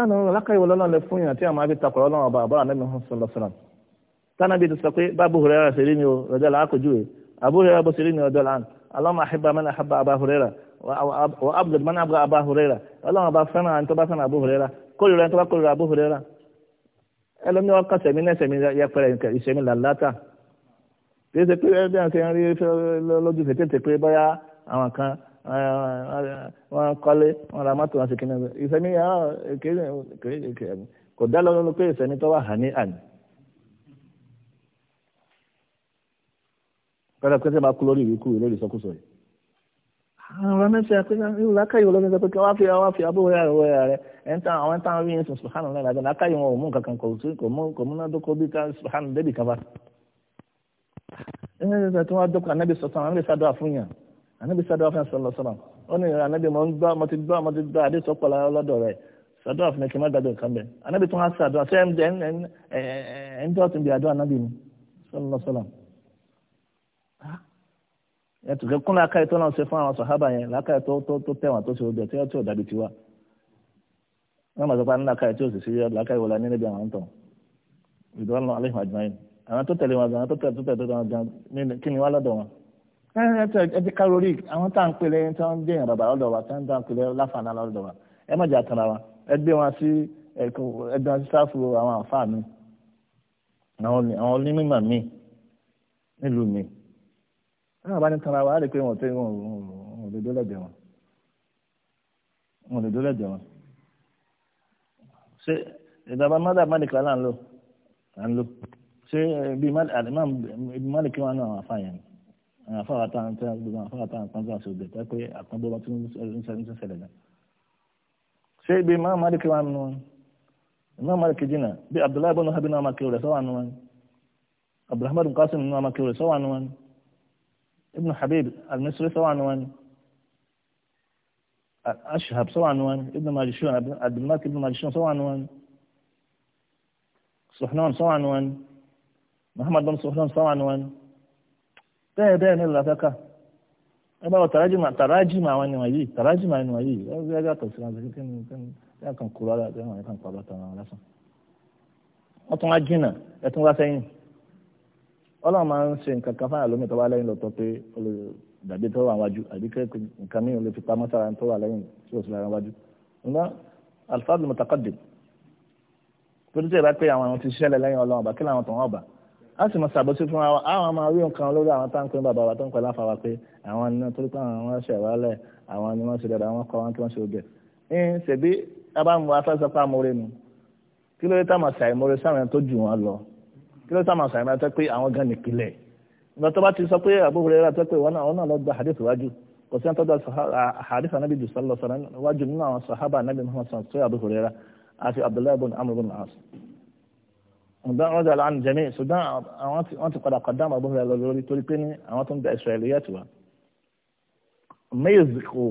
tánà ń lákàyè wọlé ọlọ́run lè fún yàn tí àwọn abẹ́ta kọ̀ọ̀ ọlọ́run ọba àbọ̀rọ̀ anábì hàn sọ̀rọ̀ sọ̀rọ̀ tánà bí ti sọ pé bá Abu Hurairah ṣe rí ni o rọjò là á kojú rẹ̀ Abu Hurairah bó ṣe rí ni rọjò là á Allahumma ahibba man ahabba Abu Hurairah wa abghid man abghada Abu Hurairah ọlọ́run ọba fẹ́ràn àti tọ́ba fẹ́ràn Abu Hurairah kórìíra ẹni tọ́ba kórìíra Abu Hurairah ẹlọ́ni ọkọ̀ sẹ̀mí náà sẹ̀mí yẹpẹrẹ ìṣẹ̀mí làláta kì í ṣe pé bí wọ́n kọ́lé wọ́n ra mọ́tò wọn sì kíni ìsẹ̀mí ah, kò dá lọ́nà pé ìsẹ̀mí tó wà hàní àní. kọ́dà pé sẹ́ni máa kú lórí ìwíkú lórí ìsọkúsọ yìí. àwọn mẹ́sẹ̀ àpéjà irú lákàyè olómi sọ pé kí wọ́n fi wọ́n fi abúlé rẹ̀ wọ́ rẹ̀ ẹ̀ ń tán àwọn ń tán rí ní sùhánù náà lábẹ́ lákàyè wọn ò mú nǹkan kan kò múnádókó bí ká sùhánù débì kan bá. ẹ̀ ń tán tí wọ́n dókò ànábì sọ̀tàn àwọn ilé sádọ́ àfúnyàn ànábi sádọ́ fún ẹ̀sán lọ́sọ́nà ó ní ànábi mo ń gbọ́ mo ti gbọ́ mo ti gbọ́ àdé tó pọ̀lá lọ́dọ̀ rẹ̀ sádọ́ fún ẹ̀kí má gbàgbé nǹkan bẹ̀ ànábi tó ń hàn sádọ́ ṣé ẹ̀ ń tọ́tún bí àdó ànábi ni sọ́lọ́sọ́lọ́ ẹtù kẹkún lákàyè tó náà ṣe fún àwọn sàhábà yẹn lákàyè tó tó tó tẹwọn tó ṣe ọbẹ tí ó tí ò dàbí tiwa wọn máa sọ pé lákàyè tí ó sì sí lákàyè wọlé níbi àwọn ń tàn ìdúrà náà aláìhùn àjùmáyé àwọn tó tẹ̀lé wọn àwọn tó tẹ̀lé tó tẹ̀lé wọn gan kí ni wọn lọ́dọ̀ wọn ẹ ti kárórì àwọn tá à ń pèlè ẹni tí wọ́n jẹ́ ìyàn bàbá lọ́dọ̀ wa tí wọ́n tá à ń pèlè láfààná lọ́dọ̀ wa ẹ má jẹ́ àtàrà wa ẹ gbé wọn sí ẹgbẹ́ wọn sí sáfù àwọn àǹfààní mi àwọn onímọ̀ mi nílùú mi àwọn àbá ní tara wa á rí i pé wọn ò tẹ́ wọn ò lè dólẹ̀dẹ̀ wọn wọn ò lè dólẹ̀dẹ̀ wọn ṣé ìjọba mọ́dà mọ́dìkà là ń lò à ń lò ṣé ibi mọ́dìkà wọn náà wà fáyẹn ni. àfáà tá à ń tẹ́ gbogbo àfáà tá à ń pọ́n tó àti òbẹ̀ tẹ́ pé àpọ́nbó bá tún ń ṣẹlẹ̀ gan. ṣé ibi máa máa dìkì wọn nù ìmọ̀ máa dìkì jìnnà bí abdullahi bọ́nu habi náà máa kiri rẹ̀ sọ́wọ́ nù wọn abdulhamid qasim náà máa kiri rẹ̀ sọ́wọ́ nù wọn ibn habib al-misri sọ́wọ́ nù wọn ashhab sọ́wọ́ nù wọn ibn majishun abdulmalik ibn majishun sọ́wọ́ nù wọn suhnan sọ́wọ́ nù wọn muhammad bin suhnan sọ́wọ́ nù wọn. bẹ́ẹ̀ bẹ́ẹ̀ ní làkàkà ẹ bá wọ tàrájìmà tàrájìmà àwọn ènìyàn yìí tàrájìmà ènìyàn yìí ẹ bí ẹ yàtọ̀ sí wọn kí ni kí ni ẹ kàn kúrò ara ẹ wọn kàn pa bàtà wọn lásán wọn tún wá jìnnà ẹ tún wá sẹ́yìn Ọlọ́run máa ń ṣe nǹkan kan fáwọn àlómi tó wá lẹ́yìn lọ́tọ̀ pé dàbí tó wà wájú àbí kẹ́kọ̀ọ́ nǹkan mìíràn lè fi pamọ́ sára tó wà lẹ́yìn tí ò sí lára wájú ǹgbọ́n alifáàdù mọ̀tàkọ́dì tó dé tẹ̀ bá pé àwọn ti ṣẹlẹ̀ lẹ́yìn Ọlọ́run àbá kí làwọn tó wọn ọ̀bà a sì máa ṣàbọ̀sí fún wa àwọn máa rí nǹkan lórí àwọn táǹkì ní bàbá wa tó ń pẹ́ láfa wa pé àwọn ni wọ́n torí pé àwọn wọn ṣẹ̀ wálẹ̀ àwọn ni wọ́n ṣe dáadáa wọn kọ́ wọn tí wọ́n ṣe ògẹ̀. ń ṣèbí abámu afẹ́sọ́pá amóore nu kí ló dé tá màá ṣàì mórí sáwọn tó jù wọn lọ kí ló dé tá màá ṣàì máa tẹ́ pé àwọn gan nìpìlẹ̀ ìgbà tó bá ti sọ pé Abu Hurairah tẹ́ pé wọn náà lọ gba hadith wájú kò sí àtọ́jú hadith anabi jù sálọ sọ̀rọ̀ wájú nínú àwọn sahaba anabi muhammad sọ̀rọ̀ àbúrò rẹ̀ àti abdullahi bin amr bin as ọ̀dọ́ àwọn ọjà láàánú jẹ́mi ṣùgbọ́n àwọn ti padà kọ̀dá àwọn agbófinró lọ lórí torí pé ní àwọn tó ń da Israẹli yẹ̀ tù wá. maize kò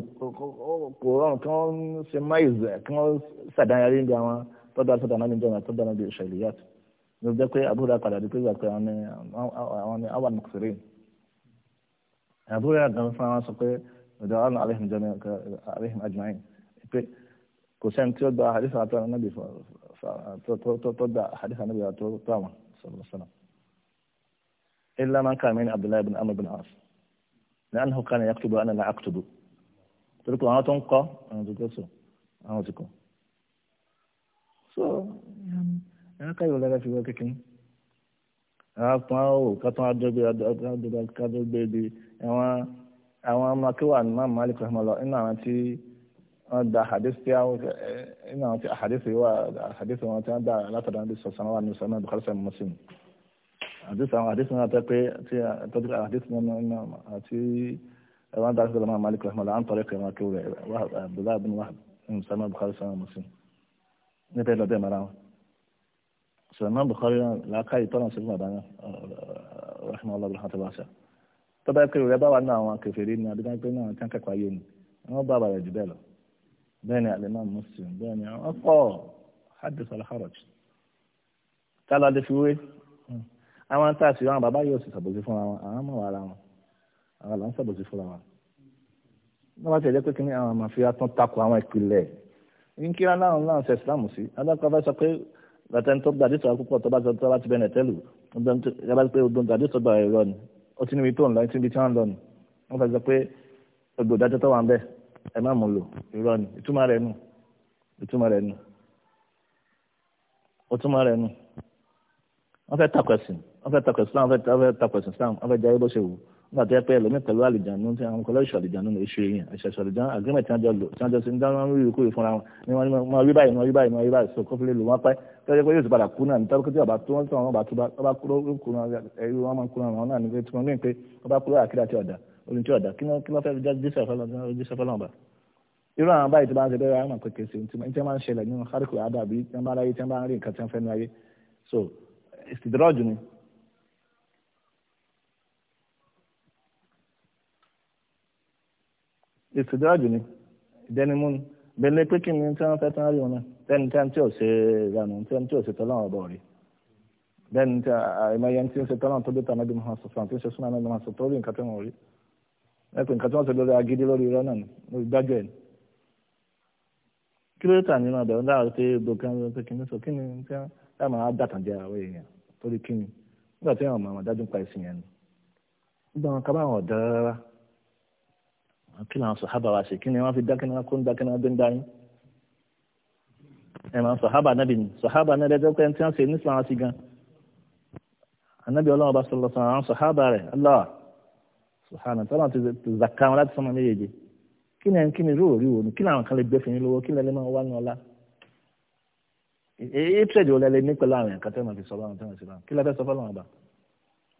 kò rọrùn kí wọ́n ṣe maize kí wọ́n ṣàdáyàrí níbi àwọn tọ́jú àti sọ̀dọ̀ náà níjọba tó dáná bí Israẹli yẹ̀ tù. ló jẹ́ pé àbúrò àpàdà di pé ìgbàgbé àwọn ni àwọn mùsùlùmí. àbúrò àgbà fún àwọn sọ pé ọ̀dọ̀ àwọn àlehìn jẹ́mi àlehìn àjùmáyìn pé kò sẹ́ni tí ó gba àdìsàn àti tó gba hadith anabi tó tó àwọn sallallahu alaihi wasallam illa man kana min abdullahi ibn amr ibn as لأنه كان يكتب وأنا لا أكتب torí pé àwọn tó ń kọ́ àwọn tó kẹ́sọ̀ àwọn ti kọ́ so ẹ̀rọ káyọ̀ lára fi wá kékeré àwọn apọn àwò kátó àjọgbé àjọgbé àjọgbé di àwọn àwọn akéwà ní máàmù Malik rahman lọ nínú àwọn tí wọ́n da àdéhùsí àwọn ẹ̀ẹ́nà àwọn àdéhùsí wà àdéhùsí wọn tí wọ́n da látọ̀dọ̀ àdéhùsí sọ̀sán wà ní sọ́nà bukari sọ́nà mùsùlùmí àdéhùsí àwọn àdéhùsí náà tẹ́ pé tí tọ́jú àdéhùsí náà àti ẹ̀wọ̀n dàrú sọ́dọ̀ máa malik rahman àwọn tọ́lẹ̀ kẹrin akéwù rẹ̀ abdullahi bin wahab ní sọ́nà bukari sọ́nà mùsùlùmí níbẹ̀ lọ bẹ́ẹ̀ mara wọn sọ́nà bukari làákàyè tọ́nà sí fún àdáyà rahman allah rahman tọ́ba kẹrin rẹ̀ bá wà ní àwọn kẹfẹ́rẹ́ ní adédáńpẹ́ náà kẹ́kọ̀ọ́ ayé ni wọ́n bá bàrẹ̀ jù bẹ́ẹ̀ lọ بين ni alimam بين bẹ́ẹ̀ حدث àwọn ọkọ̀ hadith alharaj tálá lè fi wé àwọn tá a sì wọn bàbá yóò sì ṣàbòsí fúnra wọn àwọn ọmọ wàrà wọn àwọn là ń ṣàbòsí fúnra wọn wọ́n bá tẹ̀lé pé kí ni àwọn máa fi atún takò àwọn ìpìlẹ̀ ní kí aláwọn náà ṣe islam sí alákọ̀ọ́fẹ́ sọ pé bàtẹ́ni tó gbàdí sọ̀rọ̀ púpọ̀ tó bá sọ tó bá ti bẹ̀rẹ̀ tẹ́lù yàrá pé odò gbàdí sọ̀rọ̀ gbà ẹ̀rọ ni ó ti níbi tó ń lọ ibi tí wọ́n ń lọ ni wọ́n fẹ́ sọ pé odò dájọ́ tó wà ń bẹ́ẹ̀ ẹ má mú lò irọ́ ni ìtumọ̀ rẹ̀ nù ìtumọ̀ rẹ̀ nù ìtumọ̀ rẹ̀ nù wọ́n fẹ́ takọ̀ ẹ̀sìn wọ́n fẹ́ takọ̀ islam wọ́n fẹ́ takọ̀ ẹ̀sìn islam wọ́n fẹ́ jẹ́ bó ṣe wù nígbà tó yẹ pé ẹlòmíì pẹ̀lú àlìjánu tí àwọn kọlọ́ ìṣọ̀ àlìjánu lè ṣe yẹn ẹ̀ṣẹ̀ ìṣọ̀ àlìjánu agreement tí wọ́n jọ lò tí wọ́n jọ sí ń dáná ń rí ikú ìfúnra wọn ni wọ́n máa rí báyìí máa rí báyìí máa rí báyìí sọ kó fílẹ̀ lò wọ́n pẹ́ tó yẹ pé yóò ti padà kú náà nítorí pé tí ọba tó wọ́n tó àwọn ọba tó bá kúrò kúrò náà orin tí ọ̀dà kí wọ́n fẹ́ jíṣẹ́ fọlọ́n jíṣẹ́ fọlọ́n bá irú àwọn báyìí tó bá ń ṣe bẹ́ẹ̀ rárá màá kékeré sí i tí wọ́n máa ń ṣẹlẹ̀ nínú kárìkù àdàbí tí wọ́n bá láyé tí wọ́n bá ń rí nǹkan tí wọ́n fẹ́ ní ayé so ìsìdírọ́ọ̀jù ni ìsìdírọ́ọ̀jù ni ìdẹ́nimú ni bẹ́ẹ̀ pé kí ni tí wọ́n fẹ́ tán rí wọn náà tẹ́ni tí wọ́n ti ò ṣe ìlànà tí wọ́n ti ò ṣe tọ́lọ́wọ́ ọ̀bọ̀ rí bẹ́ẹ̀ ni tí àìmọye tí ń ṣe tọ́lọ́wọ́ tó dé tàn ẹ pé nǹkan tí wọ́n sọ lórí agídí lórí irọ́ náà lórí gbájú ẹ̀ kí ló tà nínú ọ̀dọ̀ ńlá pé gbọ̀ngàn ló pé kìnìún sọ kí ni tí wọ́n máa dàtàn jẹ àwọn èèyàn torí kí ni nígbà tí àwọn ọmọ dájú ń pa ẹ̀sìn yẹn ni nígbà wọn kábàá wọn ọ̀dọ́ rárá kí ni àwọn sọ̀hábà wa ṣe kí ni wọ́n fi dákẹ́ náà kó ń dákẹ́ náà dé ń dáyín ẹ̀ máa sọ̀hábà náà bì ní sọ̀hábà náà lẹ́jọ́ pé ẹni tí wọ́n ṣe ní sàn án sí gan anábì ọlọ́run ọba sọ̀rọ̀ sàn án sọ̀hábà rẹ̀ Allah sùhánà tí wọ́n ti zaka wọn láti sọ́mọ méjèèjì kí ni kí ni irú òrí wo ni kí ni àwọn kan lè gbé fún yín lówó kí lẹ́lẹ́ máa wá ní ọlá èyí tírẹ̀dì wọlé lé ní pẹ̀lú àwọn ẹ̀ka tẹ́lẹ̀ fi sọ́lá àwọn tẹ́lẹ̀ sí láwọn kí lẹ́fẹ́ sọ fọ́lọ́ wọn bá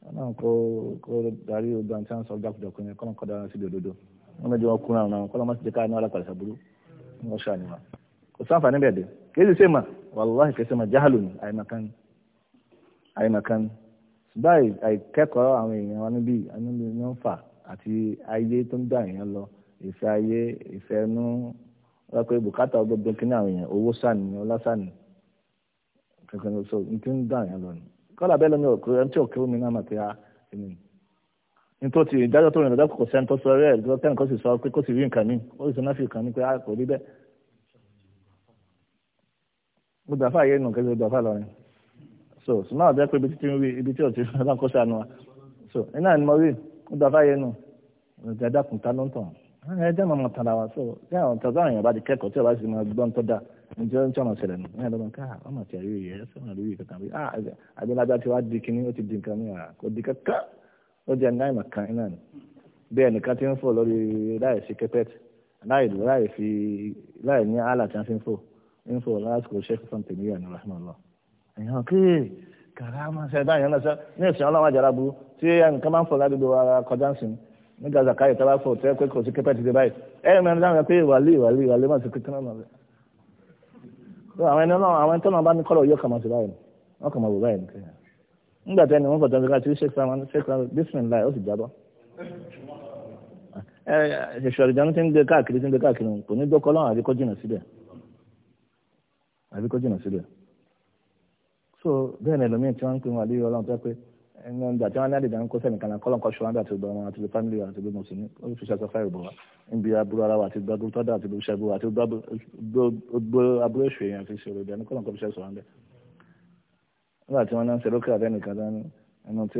wọn náà kó kó darí ogun àti àwọn sọ jákujàku yẹn kọ́nà kọ́dà sí òdodo wọn méjì wọn kúnra wọn kọ́nà má sì jẹ́ ká ní ọlá pàṣẹ burú wọn ṣàní wa kò sáǹfà níbẹ̀ dé kì í sì sèmà wàlúwàhì kì í sèmà jáhàlù ni àyèmàkan àyèmàkan ṣùgbọ́n àìkẹ́kọ̀ọ́ àwọn èèyàn wa níbí níbi ní ń fà àti ayé tó ń dà èèyàn lọ ìfẹ́ ayé ìfẹ́ inú wọ́n pe bùkátà gbogbo kí ní àwọn èèyàn owó sànni ọlá sànni kankan so n ti ń dà èèyàn lọ ni kọ́lá bẹ́ẹ̀ lọ́nà òkú ẹni tí òkú mi náà mà ti ha ah, èmi nítorí ti ìdájọ́ tó rìn lọ́dọ̀ kò sẹ́ni tó sọ rẹ̀ lọ́dọ̀ tẹ́ni kó sì sọ pé a ah, kò rí bẹ́ẹ̀ gbogbo àfáà yé nù kẹ́sì gbogbo àfáà so sùnmọ́ àti ẹ̀pẹ́ ibi títí ń rí ibi tí ò ti rí ọlọ́run kó ṣàánú wa so iná ni mo rí ó gba nù ọ̀gá dàkún ta ló ń tàn án ẹ jẹ́ màmá tara wa so kí àwọn tọ́jú àwọn èèyàn bá di kẹ́kọ̀ọ́ tí ọba sì máa gbọ́n tó dáa ǹjẹ́ ń tọ́nà ṣẹlẹ̀ nù ní ẹ̀dọ́gbọ̀n ká ọmọ tí a rí yẹ sọ́nà lórí kankan bí ah agbẹ́lájá ti wá di kinní ó ti di nǹkan mìíràn kò di kankan ó di ẹni kan iná ni bí ẹnìkan ti ń fò lórí láì sí kẹ́pẹ́tì láì láì fi láì ní àlà tí wọ́n fi ń fò ń fò lásìkò ṣẹ́fù tèmíyàn ní rahman allah èèyàn kéè kàràmà ṣe dáhùn yẹn lọ́sẹ̀ ní ìsìn ọlọ́run àjàrà burú tí nǹkan máa ń fọ̀ ládùúgbò ara kọjá ń sìn ní gaza káyọ̀ tó bá fọ̀ tẹ́ pé kò sí kẹ́pẹ́ ti dé báyìí ẹ̀yìn mẹ́rin dáhùn yẹn pé wàlí wàlí wàlí má ti kékeré náà lẹ̀. àwọn ẹni náà àwọn ẹni tó náà bá ní kọ́lọ̀ yóò kàmá sí báyìí wọ́n kàmá wò báyìí nìkan. nígbà tẹ́ni wọ́n fọ̀tọ́ nígbà tí sheikh salman sheikh salman bismillah ó sì jábọ́. ìṣòro ìjánu ti ń gbé káàkiri ti ń gbé káàkiri kò ní dókọ́ lọ́wọ́ àbíkọ́ jìnnà síbẹ̀ àbíkọ́ jìnnà síbẹ̀ so bẹ́ẹ̀ ni ẹlòmíì tí wọ́n ń pè wọn àlejò ọlọ́run tó pé ẹni ọ̀dà tí wọ́n ní àdìdà ń kó sẹ́ni kan kọ́lọ́n kọ́ ṣọ́wọ́n àti ìgbà wọn àti ìgbà fámìlì àti ìgbà mùsùlùmí ó fi ṣàṣọ fáìrì bọ̀ wá níbi aburú ara wa àti gbogbo tọ́dà àti gbogbo ṣẹ́gun àti gbogbo aburú èṣù èèyàn àti ìṣòro ìdẹ́ni kọ́lọ́n kọ́ fi ṣàṣọ wọn bẹ́ẹ̀. nígbà tí wọ́n náà ń ṣe lókè àbẹ́nìkan dání ẹnu tí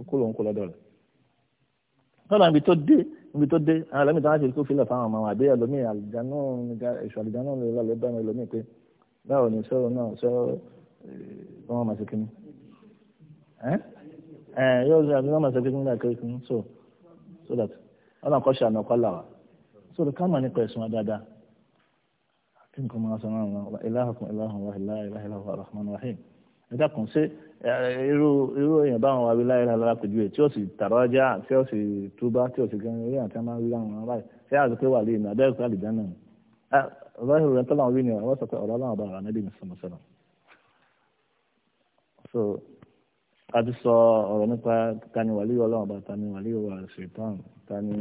ọkọ lòun kó lọ́dọ̀ rẹ̀ lọ́dọ̀ ibi tó dé ibi tó dé àwọn ẹlẹ́mìí tó wá ṣe kó filẹ̀ fáwọn ọmọ àbí ẹlòmíì àlùjánú èso àlùjánú lè lọ lọ́dọ̀ àwọn ẹlòmíì pé báwo ni sọ̀rọ̀ náà sọ̀rọ̀ eh, wọn máa ṣe kíní ẹ ẹ yóò ṣe àbí wọn máa ṣe kíní náà kéré kíní so so that ọlọ́run kọ́ ṣe àná ọkọ là wá so the kámà nípa ẹ̀sùn wa dáadáa kí nǹkan máa sọ náà ìlàhùn ìlàhùn wà ìlàhùn ìlàhùn rahman rahim ẹ dákun ṣe irú irú èèyàn báwọn wà wí láyé lára pẹ̀lú ẹ̀ tí ó sì tàrọ́jà tí ó sì túbá tí ó sì gan eré àti àmà wí láwọn ará ṣé àti pé wà lè nà abẹ́rẹ́ pé àlìjá náà ọlọ́run rẹ̀ tọ́lá wí ni ọ̀rọ̀ sọ pé ọ̀rọ̀ aláwọ̀ bá ara níbi ìsọmọsọ̀rọ̀ so a ti sọ ọ̀rọ̀ nípa tani wàlí ọlọ́run bá tani wàlí ọwọ́ ṣètàn tani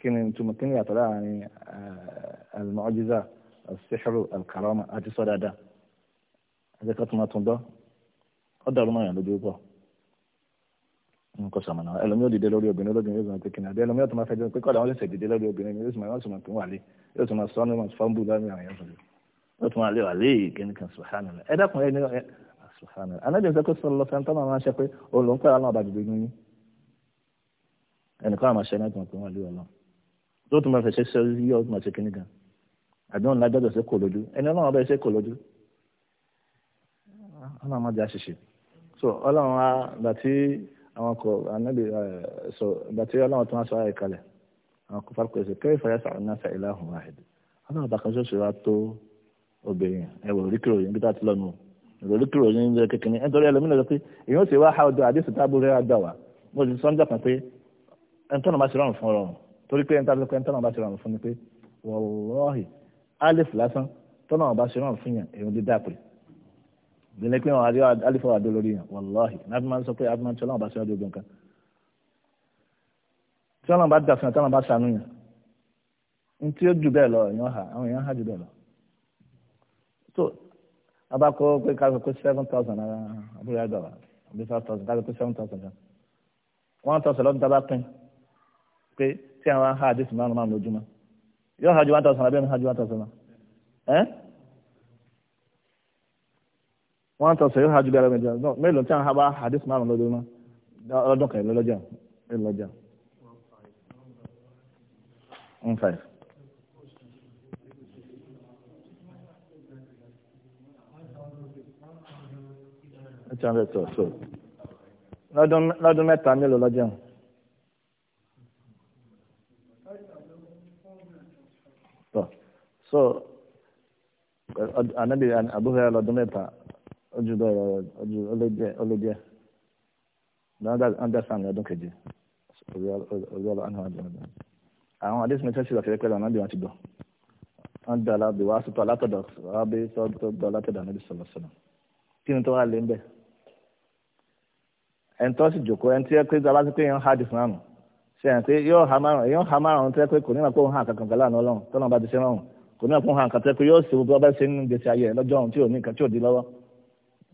kí ni túmọ̀ kí ni yàtọ̀ láàrin eh, al-mu'jiza as-sihr al-karama àti sọ dáadáa àti kàtúmọ̀ tún dọ́ ọ̀dàrú mọ́ yàn lójú pọ̀ nǹkan sọmọ náà ẹlòmí ò dìde lórí obìnrin lóbìnrin yóò sọ pé kìnìún àbí ẹlòmí ò tó máa fẹ́ jẹun pé kọ́dà wọn lè ṣèdìde lórí obìnrin yóò sì máa sọmọ pé wà lé yóò sì máa sọ ọ́nà máa fọ́nbù lọ́rùn àwọn yẹn yóò tún máa lé wà lé kíni kan sùhánù ẹ dákun ẹ ní ẹ sùhánù anábìyẹn sọ pé sọ lọ fẹ́ntọ́ máa máa ṣe pé olùkọ́ pẹ̀lú àwọn àbájọ gbẹ̀gbẹ̀ yín ẹnìkan àmọ̀ náà tó máa pè wọ́n lé so ọlọ́run wa gbàtí àwọn kò anábì so gbàtí ọlọ́run tó wá sọ ayé kalẹ̀ àwọn kò fàkùrẹ́ sí kẹ́rì fàyà sàrún náà sàrẹ́ láhùn wáhìdì ọlọ́run bàkan ṣoṣo wa tó obìnrin ẹ̀wọ̀ oríkìrò yìí níbi tá a ti lọ́nu oríkìrò yìí ń lọ kékeré ẹ̀ nítorí ẹlòmínà sọ pé èyí ó sì wá àwòdò àdéhùn tábùrù rẹ̀ àgbà wá mo ti sọ́njà kan pé ẹ̀ńtọ́nà bá ti rọrùn fún ọrọ̀rùn torí pé ẹ̀ńtọ́nà bá tọ́nà bá ti rọrùn fún dèlè pé wọn àrí alifa wà dó lórí yàn wàláhì náà fi máa ń sọ pé a fi máa ń tọ́lá wọn bá síwájú ogun kan tí wọn bá dà fún yàn tí wọn bá sànú yàn ní tí ó jù bẹ́ẹ̀ lọ èèyàn hà àwọn èèyàn hà jù bẹ́ẹ̀ lọ so abakọ pé káàkiri pé seven thousand naira abúlé àgbàlá àbí five thousand káàkiri pé seven thousand naira one thousand lọ́dún tábà pín pé tí àwọn hà àdéhùn márùn márùn lójúmọ́ yóò hà ju one thousand abẹ́rẹ́ hà ju one thousand náà wọ́n tọ́ sẹ́yìn hajj bí ara mi jẹun mélòó tí a ń ha bá hadith márùn lọ́dún náà ọlọ́dún kan lọ́lọ́jà lọ́lọ́jà one five. eight hundred so lọ́dún lọ́dún mẹ́ta mélòó lọ́jọ́ so anabi abuhari lọ́dún mẹ́ta ojú bẹ́ẹ̀ ojú ọlẹ́jẹ́ ọlẹ́jẹ́ understand ọdún kejì ọlọ́lọ́ àná àjọ ọdún. àwọn adé sinmi tẹ́sí ìlọ́sẹ̀ pẹ́lú ọ̀nà bí wọ́n ti gbọ́. wọ́n dà lábẹ́ wàá sọ́tọ̀ látọ̀dọ̀ wàá bẹ́ sọ́tọ̀ dọ̀ látọ̀dọ̀ níbi sọ̀rọ̀ sọ̀rọ̀. kí ni tó wá lé ń bẹ̀? ẹni tó sì jòkó ẹni tí ẹ pé dábàá sí pé yẹn ń ha dìfún àrùn ṣe ẹ̀ pé yóò ha márùn èèyàn ha márùn tó yẹ pé kò ní àpò hàn kankan kan láàánú ọlọ́run tó náà bá ti ṣe márùn kò ní àpò hàn kankan tó yẹ pé yóò ṣe gbogbo ọbẹ̀ ṣe nínú gbèsè ayé ẹ̀ lọ́jọ́ ọ̀hún tí ò ní nǹkan tí ò di lọ́wọ́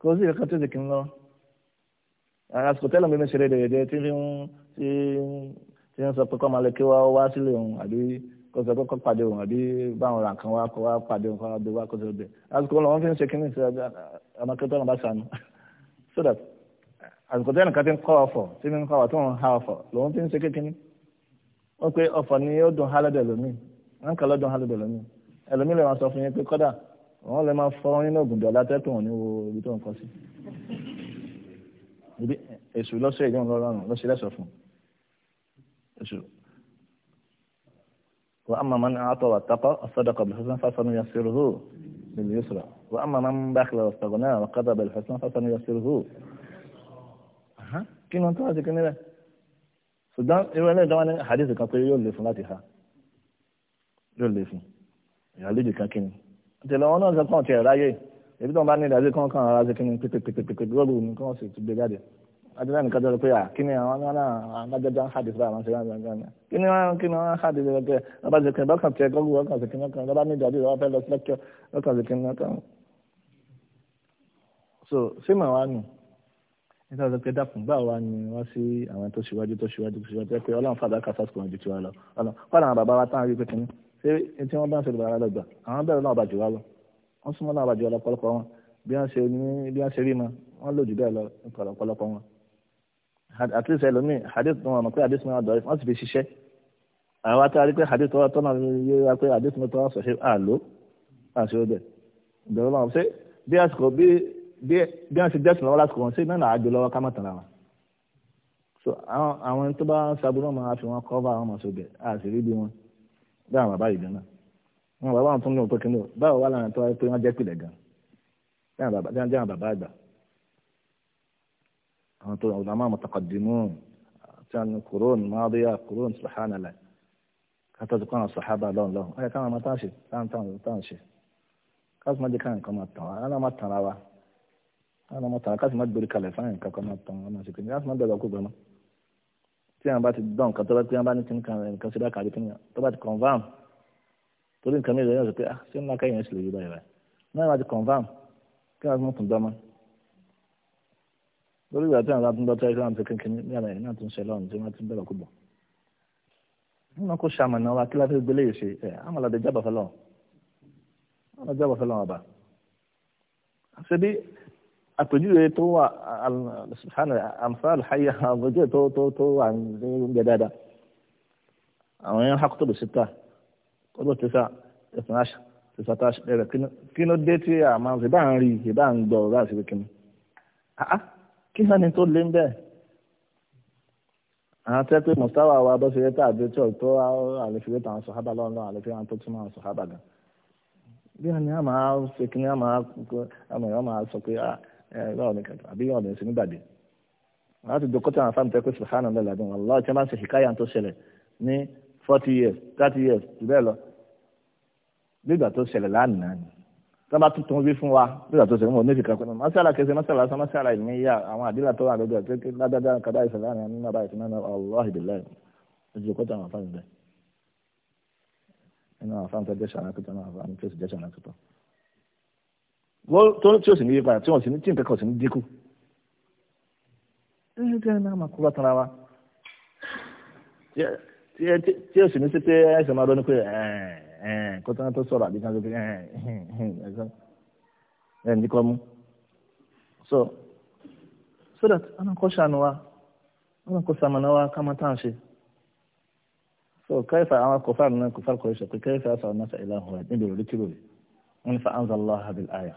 kò sí ìrẹ́kàn tó ti kì í lọ àsìkò tẹ́lẹ̀ mi ní ṣeré dẹ̀dẹ̀ tí ń tí tí ń sọ pé kọ́ máa lọ kí wá wá sílé òun àbí kó sọ pé kọ́ pàdé kan wá kó wá pàdé òun kó wá gbé wá kó sọ bẹ́ẹ̀ àsìkò lọ́wọ́ fi ń ṣe kínní sí ọmọkẹ́tọ́ náà bá so that àsìkò tẹ́lẹ̀ kan ti ń kọ́ ọ̀fọ̀ tí ń kọ́ ha ọ̀fọ̀ lòun fi ń ṣe kékeré wọ́n pe ọ̀fọ̀ ni ó dùn hálẹ́dẹ̀ lómi wọ́n kà lọ́dún hálẹ́dẹ̀ lómi ẹlòmí mi, wọ́n sọ fún yín pé wọ́n lè máa fọ́ nínú ògùndọ̀ wọn ní wo ibi tó ń kọ́ sí ibi èṣù lọ́sẹ̀ ìjọ ńlọrọrùn lọ́sẹ̀ lẹ́sọ̀ fún èṣù wa amma man a'ata wa taqa asadaqa bil husna fa sanu yasiruhu lil yusra wa amma man bakhila wa istaghna wa qadaba bil husna fa sanu yasiruhu aha kí ni wọ́n tó wá sí kí ni rẹ̀ ṣùgbọ́n irú ẹlẹ́yìn dáwọn ní hadith kan pé yóò lè fún láti ha yóò lè fún ìyàlejò kan kí ni ìtẹ̀lẹ̀ wọn náà sọ kàn tiẹ̀ ráyè èyí tó ń bá ní ìdájọ́ kan kan ara ṣe kí ni pípípípípí rọ́ọ̀lù ni kí wọ́n sì ti gbé jáde adúlá nìkan tó sọ pé kí ni àwọn náà adájọ́ ń hàdí síra àwọn ṣe wọ́n gbọ́n kí ni wọ́n kí ni wọ́n hàdí síra pé ọba ṣe kí ni bọ́kàn tiẹ̀ gọ́gù ọkàn ṣe kí ni ọba ní ìdájọ́ ìwà fẹ́ lọ sí lẹ́kọ̀ọ́ ọkàn ṣe kí ni ọkàn. so símọ̀ wa nù nígbà tó pé dàpọ̀ gbà wá ni wọ́n sí àwọn tó ṣíwájú tó ṣíwájú tó ṣíwájú pé ọlọ́run fàdákà sásìkò wọn ju tiwa lọ ọlọ́run fàdákà bàbá wa táwọn rí pé kìnnìkan ṣé tí wọ́n bá ń ṣẹlẹ̀ bàrà lọ́gbà àwọn bẹ̀rẹ̀ náà bàjẹ́ wa lọ wọ́n súnmọ́ náà bàjẹ́ ọlọ́pọ̀lọpọ̀ wọn bí wọ́n ṣe ní bí wọ́n ṣe rí ma wọ́n lò jù bẹ́ẹ̀ lọ ọ̀pọ̀lọpọ̀ wọn. àti ìṣẹ̀lẹ̀ hadith wọn mọ̀ pé hadith mi wà dọ̀rẹ́ wọ́n sì fi ṣiṣẹ́ àwọn atari pé hadith tọ́wọ́ tọ́nà yé wa pé hadith mi tọ́wọ́ sọ̀ṣẹ́ àlò àṣẹ ọbẹ̀ ìbẹ̀rù náà ṣe bí àsìkò bí bí wọ́n ṣe dẹ́sùn lọ́wọ́ lásìkò wọn ṣe náà àjò lọ́wọ́ ká má tàn ra so àwọn tó bá ṣàbùrọ̀ máa fi wọn kọ́ bá àwọn mọ̀ sóbẹ̀ àṣírí bí wọn dáhùn bàbá yìí gan-an wọn bàbá wọn tún ní òpin kìnìún báwo wà láàrin tó wáyé pé wọn jẹ́ pìlẹ̀ gan dáhùn bàbá àgbà àwọn tó àwọn àmọ́ mutaqaddimun tí wọn kúrón máàdúyà kúrón subhanallah kátó tó kọ́ àwọn sàhábà lọ́n lọ́n ẹ̀ káwọn máa tán ṣe táwọn táwọn ṣe káwọn máa jẹ́ káwọn kan máa tàn wá máa tàn ra wa ẹ̀ máa tàn wá káwọn máa gbèrú kalẹ̀ fáwọn kan kan máa tàn wá máa ṣe kí tí a bá ti dán nǹkan tó bá tí wọ́n bá ní kíní kan nǹkan sí bákan àbí kíní kan tó bá ti confam torí nǹkan mìíràn yóò sọ pé ah ṣé ńlá káyọ̀ sì lè yí báyìí báyìí náà wọ́n ti confam kí wọ́n tún dán mọ́ lórí ìgbà tí àwọn bá tún dán tó ẹgbẹ́ àwọn ti kíní kíní ní àlàyé náà tún ṣe lọ́run tí wọ́n ti bẹ̀rẹ̀ kúbọ̀ wọn kò ṣàmànà wa kí láti gbélé yìí ṣe ẹ àmàlàdé jábọ̀ fọlọ́ àpèjúwe tó wà subhana amsal hayya àpèjúwe tó tó tó wà ní oúnjẹ dáadáa àwọn yẹn hakutu bù síta ó bó tẹsà ẹsùn àṣà tẹsà tá a rẹ kí ló dé tí a máa ń ṣe bá ń rí ṣe bá ń gbọ́ bá ṣe kí ni kí sani tó lé ń bẹ́ẹ̀ àwọn tẹ́ pé mùsùlùmá wa bó ṣe yẹ tá àbí tí ò tó àlefiwé tàwọn sọ̀hábà lọ́nà àlefiwé àwọn ni a máa ṣe kí ni a máa báwo ni kankan àbí ọ̀dọ̀ ìsìn nígbàdí láti dòkótà àwọn fáwọn tẹ́kọ̀ sùhánà lọ́la dùn aláwọ̀ tí wọ́n máa ń ṣe ṣìkáyà tó ṣẹlẹ̀ ní forty years thirty years jù bẹ́ẹ̀ lọ nígbà tó ṣẹlẹ̀ lánàá ni tó bá tuntun wí fún wa nígbà tó ṣẹlẹ̀ mọ̀ ní ìfikà pẹ̀lú masala kẹsẹ̀ masala sọ masala ìní yá àwọn àdìlà tó wà lọ́dọ̀ kékeré ládàdà kàdá ìṣẹ̀lẹ̀ àná nínú àbá ìṣẹ̀lẹ̀ àná ọlọ́ọ̀hì bìlẹ̀ ìdòkótà àwọn fáwọn bẹ́ẹ̀ nínú àwọn fáwọn tẹ́kọ̀ sàrà wọ́n tí ó sì ní yípadà tí wọ́n sì ní tí nǹkan kan sì ní dínkù. ẹ jẹ́ náà máa kó bá tara wa tí ó sì ní sí pé ẹsẹ̀ máa dọ́ni pé kó tán tó sọ̀rọ̀ àbí kan tó fi ẹ̀ ní kọ́ mú. so so that ọ̀nà kọ́ ṣàánú wa ọ̀nà kọ́ sàmánà wa ká máa tán ṣe. so kẹ́fà àwọn kọfà náà kọfà kọ́ ṣe pé kẹ́fà sọ̀rọ̀ náà sàìlà hùwà níbi òrùlé kìlò rẹ̀ wọ́n ní fa anzallahu bil aya.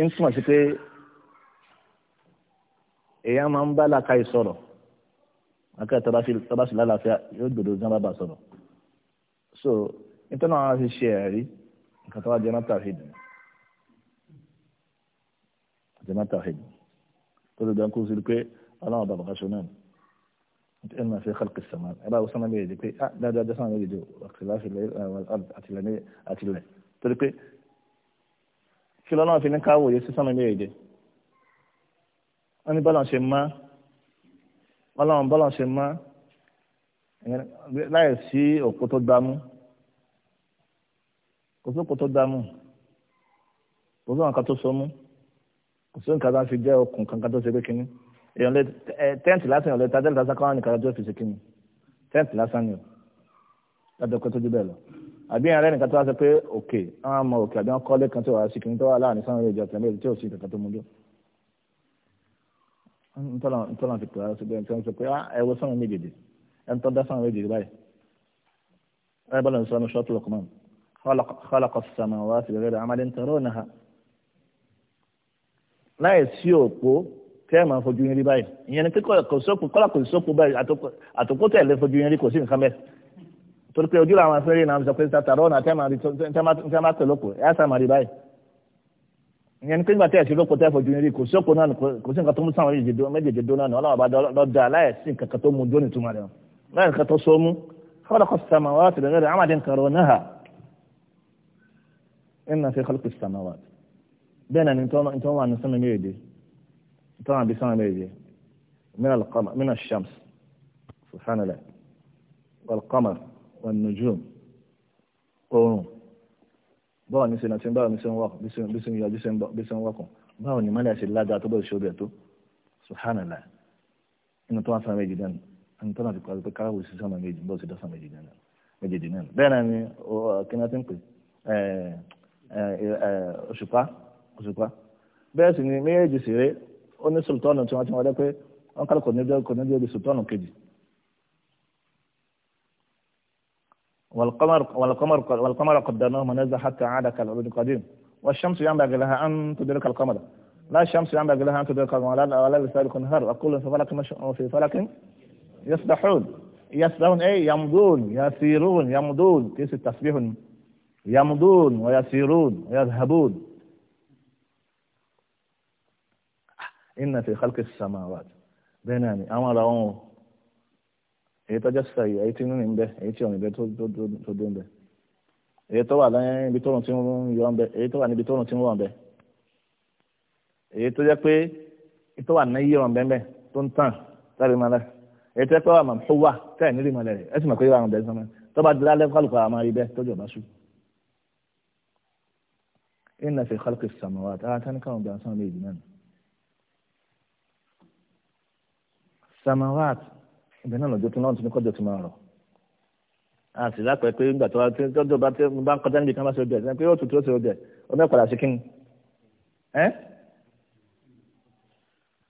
ń túmọ̀ sí pé èèyàn máa ń bá làkàyè sọ̀rọ̀ akẹ́ tọ́ba sí lálàáfíà yóò gbèrò jẹ́ bàbá sọ̀rọ̀ so nítorí àwọn ti ṣe ẹ̀rí nǹkan tó wá jẹ́ mọ́tà hìdì jẹ́ mọ́tà hìdì tó lè dán sí pé ọlọ́run bàbá kan ṣe náà إما في خلق السماء أبا وسمى بيدي لا لا دسمى بيدي واختلاف الليل والأرض أتلني أتلني تلقي kí lọ́lọ́run fi ní ká wòye sí sánmà méjèèjì wọ́n ní bọ́lọ̀ ṣe má bọ́lọ̀ bọ́lọ̀ ṣe má láì sí òpó tó gbámú kò sí òpó tó gbámú kò sí nǹkan tó so mú kò sí nǹkan tó fi jẹ́ okùn kankan tó ṣe pé kínní èèyàn lè tẹ́ǹtì lásán èèyàn lè ta dẹ́rẹ́ta sákàwọn nìkan tó fi ṣe kínní tẹ́ǹtì lásán ni o lábẹ́ kó tó dé bẹ́ẹ̀ lọ àbí ẹ̀rẹ́ nìkan tó wá sọ pé òkè àwọn ọmọ òkè àbí wọn kọ́lé kan tó wà sí kìnnìkan tó wà láàrin sáwọn ìjọ tẹ̀lé tí ò sí kankan tó mú dó. ntọ́nà ti pèrè sí bẹ́ẹ̀ tí wọ́n sọ pé ah, ẹ wo sáwọn méjèèjì ẹ ń tọ́ dá sáwọn méjèèjì báyìí. ẹ bá lọ́n sọ ní sọ́ọ̀tù Luqman khalaqa as-samawati bighayri amadin tarawnaha. láì sí òpó tẹ́ ẹ̀ máa fojú yín rí báyìí ìyẹn ni kí kọ́lá kò sópo báyìí àtòkó tẹ̀ lé fojú yín rí kò sí nǹkan bẹ́ẹ̀ torí pé ojú làwọn afẹ́rẹ́ náà sọ pé tààrọ́ náà tẹ́ máa tẹ̀ lóko ẹ̀ sá máa rí báyìí ìyẹn ní pínpín àtẹ̀yẹsí lóko tẹ́ fojú rí kò sí òkò náà kò sí nǹkan tó mú sáwọn méjèèjì dó náà ní ọlọ́wọ́ bá lọ́dọ̀ aláìsí nǹkan kan tó mú dó nìtumọ̀ rẹ̀ láì nǹkan tó so mú fọlọ́ kọ́ sàmà wọn nùjúm oòrùn báwo ní sinna tí báwo ní sin wọkùn bí sin yọjú bí sin wọkùn báwo ní mọ́lẹ̀ ṣe lága tó bẹ̀rẹ̀ ṣọ́bẹ̀ tó subhanallah inú tó wá sáà méjì dánù ẹni tó náà ti kọ́ pé káwọ́ sí sáà méjì bó ti dá sáà méjì dánù méjì dì bẹ́ẹ̀ náà ni kíni a ti ń pè òṣùpá òṣùpá bẹ́ẹ̀ sì ni méjèèjì sì ré ó ní sultana tí wọ́n ti wọ́n dẹ́ pé wọ́n kálukọ̀ níjọ́ kọ̀ níjọ́ di sultana kejì والقمر والقمر والقمر قدرناه منازل حتى عاد كالعود القديم والشمس ينبغي لها أن تدرك القمر لا الشمس ينبغي لها أن تدرك القمر ولا لسالك النهار وكل في فلك في فلك يسبحون يسبحون أي يمضون يسيرون يمضون كيس التسبيح يمضون ويسيرون ويذهبون إن في خلق السماوات بيناني أمر èyí tọ́jà sísàyè èyí tí inú mi ń bẹ èyí tí ọ̀rìn bẹ tó dó ń bẹ èyí tó wà lẹ́yìn ibi tọ́run tí ń yọ ń bẹ èyí tó wà níbi tọ́run tí ń wọ̀ ń bẹ èyí tó jẹ́ pé ìtọ́ wà náyé ọ̀rọ̀ bẹ́ẹ̀ tó ń tàn sáré máa lẹ̀ èyí tó jẹ́ pé wà máa tó wà táyà nílì máa lẹ̀ ẹ sì máa pé wà ń bẹ sọ́mọ́ ibẹ̀ náà lọ́jọ́ tó náà ti ní kọ́jọ́ ti máa rọ̀ a sì lápẹ́ pé nígbà tó tọ́jọ́ bá tẹ́ bá ń kọjá níbi kan bá ṣe ọbẹ̀ ẹ̀ pé òtútù ó ṣe ọbẹ̀ ọbẹ̀ padà ṣe kíni ẹ́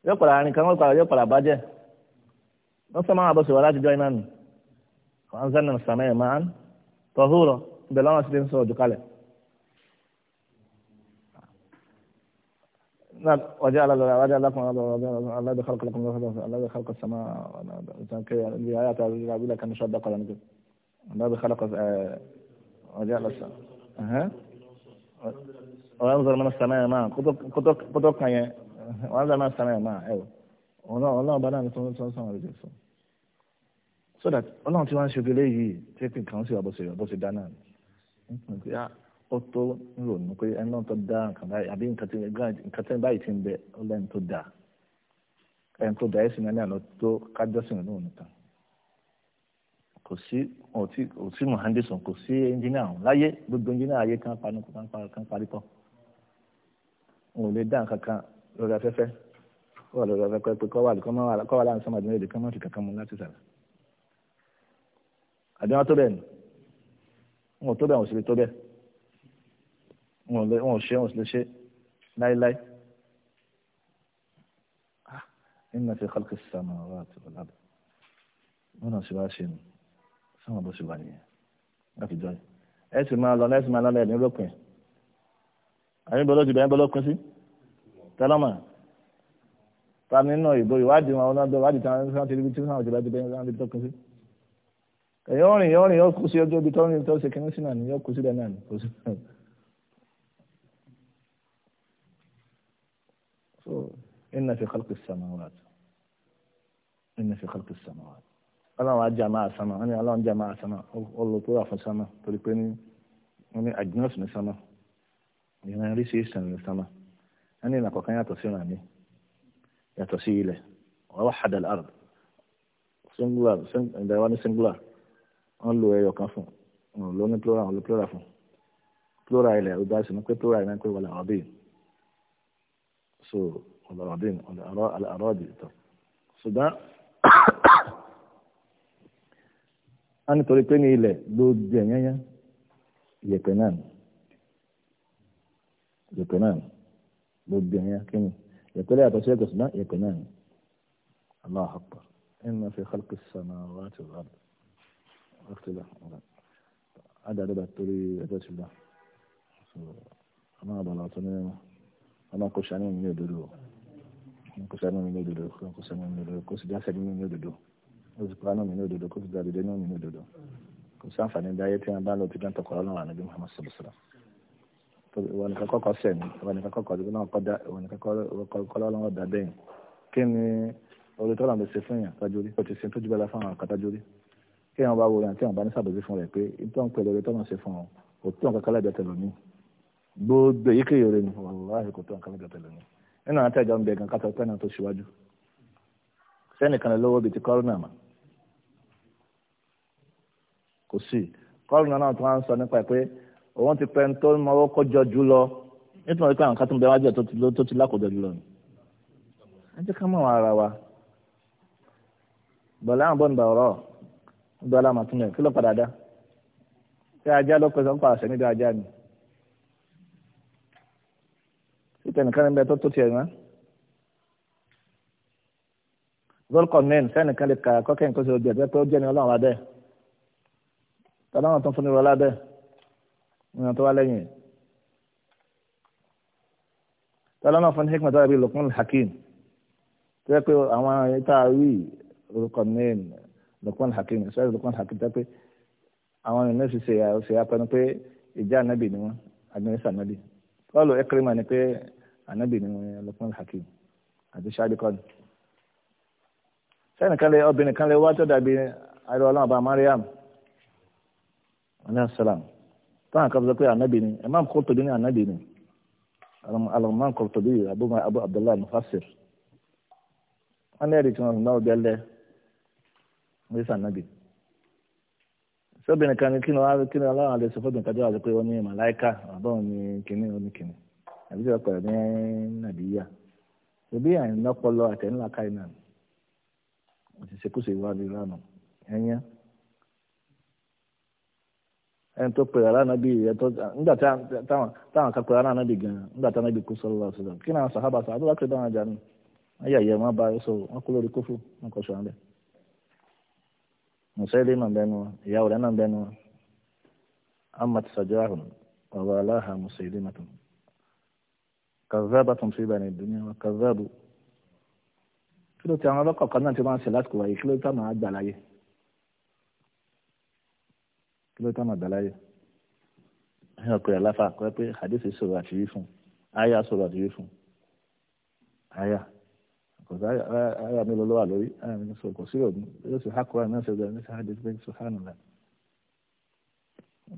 yóò padà rìn kan yóò padà bàjẹ́ wọ́n sọ máa ń àbọ̀ṣe wà láti jọ iná nù wọ́n ń sẹ́nu sàmẹ́yẹ̀ máa ń tọ́húrọ̀ ibẹ̀ láwọn ti ń sọ ọ̀dùkalẹ̀ نعم وجعل وجعل لكم الله خلق لكم الله خلق السماء بآيات ربي لك أن يصدق لكم الذي خلق وجعل السماء أها وانظر من السماء ما كتب كتب كان وانظر من السماء ما أيوه والله والله بنا نتمنى نتمنى نتمنى so that ọlọ́run tí wọ́n ń ṣe gbélé yìí tí kì í kàn sí ọ̀bọ̀sẹ̀ ọ̀bọ̀sẹ̀ dáná ni ó tó ń rònú pé ẹni náà tó dá nǹkan báyìí àbí nǹkan tí nǹkan tí báyìí ti ń bẹ ó lẹ́ni tó dà ẹni tó dà ẹ́ sì ní ẹni àná tó kájọ́sìn nínú òun nìkan kò sí kò sí mohandeson kò sí ẹnjìnìà ọ̀hún láyé gbogbo ẹnjìnìà ayé kan panu kan panu kan parí pọ̀ wọn ò lè dá nǹkan kan lórí afẹ́fẹ́ wọ́n lórí afẹ́fẹ́ pé kọ́ wà láàrin sọ́mọ́ àdúrà èdè kan máa fi kankan mu láti sàrà àdéhùn tó bẹ́ẹ̀ ni wọn ò tó bẹ́ẹ̀ wọn ò sì lè tó bẹ́ẹ̀ wọn ò ṣe wọn ò sì lè ṣe láéláé. Ah, inna fi khalqi samawati wal ard wọn náà sì wá ṣe ni sáwọn bó ṣe wà nìyẹn láti jọ ẹ sì máa lọ láti máa lálẹ́ ẹ̀mí lópin àyìn bọ́lọ́ ti bẹ̀rẹ̀ bọ́lọ́ pín sí tẹ́lọ́mà ta nínú ìbò ìwádìí wọn ọlọ́dọ̀ ìwádìí táwọn ẹni tí wọ́n ti rí táwọn ìjọba ti bẹ̀rẹ̀ láti tó pín sí. èyí ó rìn yóò rìn yóò kú sí ojú ibi tó tó ṣe kínní sí náà ni yóò kú sílẹ̀ náà ni kò sí so inna fi khalqi samawat inna fi khalqi samawat ọlọ́run ajá máa sánmà wọ́n ní ọlọ́run ajá máa sánmà olùkóra fún sánmà torí pé ní wọ́n ní àjùmọ̀sùn ní sánmà ìran ríṣi ìsìn ní sánmà wọ́n ní ìlànà kọ̀ọ̀kan yàtọ̀ sí ìrìn àmì yàtọ̀ sí ilẹ̀ wahada al-ard singular ìdáwà ní singular wọ́n lo ẹyọ kan fún lóní plural wọ́n lo plural fún plural ilẹ̀ ọgbà sí ní pé plural náà pé wọ́n làwọn bíi. سوء والأراضين الأراضي ṣùgbọ́n a nítorí pé ní ilẹ̀ gbogbo ẹ̀yẹ́yẹ́ ìyẹ̀pẹ̀ náà ìyẹ̀pẹ̀ náà gbogbo ẹ̀yẹ́ kí ni ìyẹ̀pẹ̀ lẹ́yìn àtọ́sí ẹ̀kọ́ ṣùgbọ́n ìyẹ̀pẹ̀ náà ni Allahu akbar inna fi khalqi samawati wal ardi ọ̀kìlá adàdàbà torí ẹjọ́ ṣùgbọ́n ọmọ àbàlà ọ̀tún ní ẹ̀wọ̀n. ọlọ́run kò ṣàánú mi ní òdodo kò ṣàánú mi ní òdodo kò ṣàánú mi ní òdodo kò sì já sẹ́ni mi ní òdodo kò sì kúránù mi ní òdodo kò sì já dìde ní mi ní òdodo kò sí àǹfààní dáyé tí wọ́n bá lọ tìjọ́ tọkọ ọlọ́run ànábì Muhammad sallallahu alaihi wasallam ìwọ nìkan kọ́kọ́ sẹ́ni ìwọ nìkan kọ́kọ́ ìwọ náà kọ́dá ìwọ nìkan kọ́ ọlọ́run ọ̀dà bẹ́yìn kí ni orí tọ́lá mi ṣe fún yàn kájórí kò ti ṣe tó jùlọ fún àwọn kájórí kí wọ́n bá wo yàn tí wọ́n bá ní fún rẹ̀ pé ìtọ́ ń pẹ̀lú gbogbo èyíkéyìí rẹ ni wàláhì kò tó nǹkan mẹ́ta lẹ́nu nínú àwọn àtẹ̀jọ́ ń bẹ gan kátó pẹ́ẹ́nà tó ṣíwájú sẹ́nìkan lówó bíi ti kọ́rọ́nà mà kò sí kọ́rọ́nà náà tó wá ń sọ nípa ẹ̀ pé òun ti pẹ́ tó mọ́wọ́ kọjọ jù lọ nítorí pé àwọn kátó ń bẹ wájú ẹ̀ tó ti lákòjọ jù lọ ni ẹ jẹ́ ká mọ̀ ara wa bọ̀lá àwọn bọ́ǹdà ọ̀rọ̀ dọ́là màtúnyẹ̀ kí ló padà dá ṣé ajá ló pèsè ń pa àṣẹ níbi ajá ni sítẹ̀nìkan níbẹ̀ tó tó tiẹ̀ mọ́. zolkonin sẹ́nìkan lè kà kọ́kẹ́ nǹkan ṣe ojú ẹ̀ pé ó jẹ́ ní ọlọ́run abẹ́ tọ́lọ́run tó fún ní rọlá bẹ́ẹ̀ ìyàn tó wá lẹ́yìn tọ́lọ́run fún ní hikmet wáyé bíi Luqman Hakim tó yẹ pé àwọn ìta rí zolkonin Luqman Hakim ìṣẹ́ Luqman Hakim tó yẹ pé àwọn ènìyàn fi ṣe àpẹnu pé ìjà ànábì ni wọ́n agbẹnusà ànábì kọ́ọ̀lù ẹ̀kẹ́rìmà ni pé ànábì ni Luqman Hakim àti ṣáàdì kọ́ni sẹ́yìn kan lè obìnrin kan lè wá tó dàbí ariwo ọlọ́run ọba Mariam alayhi salam táwọn kan sọ pé ànábì ni Imam Qurtubi ni ànábì ni alamman Qurtubi abu abu abdullahi mufassir wọn lè rí tí wọn náà bẹ́ẹ̀ lẹ́ wọ́n sàn nábì sóbìnrin kan ní kí ni wọ́n kí ni ọlọ́run àlè sọ kan jẹ́ wàá pé ó ní màláìka àbọ̀n ní kínní ó ní kínní àbí sọ pẹ̀lú ní nàbíyà ebi àyìn lọ́pọlọ àtẹ̀ńlá káyínà òṣìṣẹ́kùsè ìwádìí lánàá ẹ̀yẹ́ ẹni tó pèrè nígbà táwọn kan pèrè gan nígbà táwọn kí ni àwọn sàhábà sàhábà ayé àyè wọn musayidi ma bẹnu ìyàwó rẹ̀ náà bẹnu amat sajahun ọba aláha musayidi matun kazabatun fi bani dunya wa kazabu kí ló ti àwọn ọlọ́kọ̀ kan náà ti máa ń ṣe lásìkò wáyé kí ló tá máa gbà láyé kí ló tá gbà láyé ẹ̀yìn ọ̀pẹ̀ àláfà kọ́ pé hadith sọ̀rọ̀ àti wí fún aya sọ̀rọ̀ àti wí fún aya kò sí àyà mi lọ́wọ́ lórí àyà mi sọ kò sí òògùn yóò sì hákùrọ̀ àmì ẹ̀sẹ̀ ìgbàlódé sí àdé pé sùhánù rẹ̀.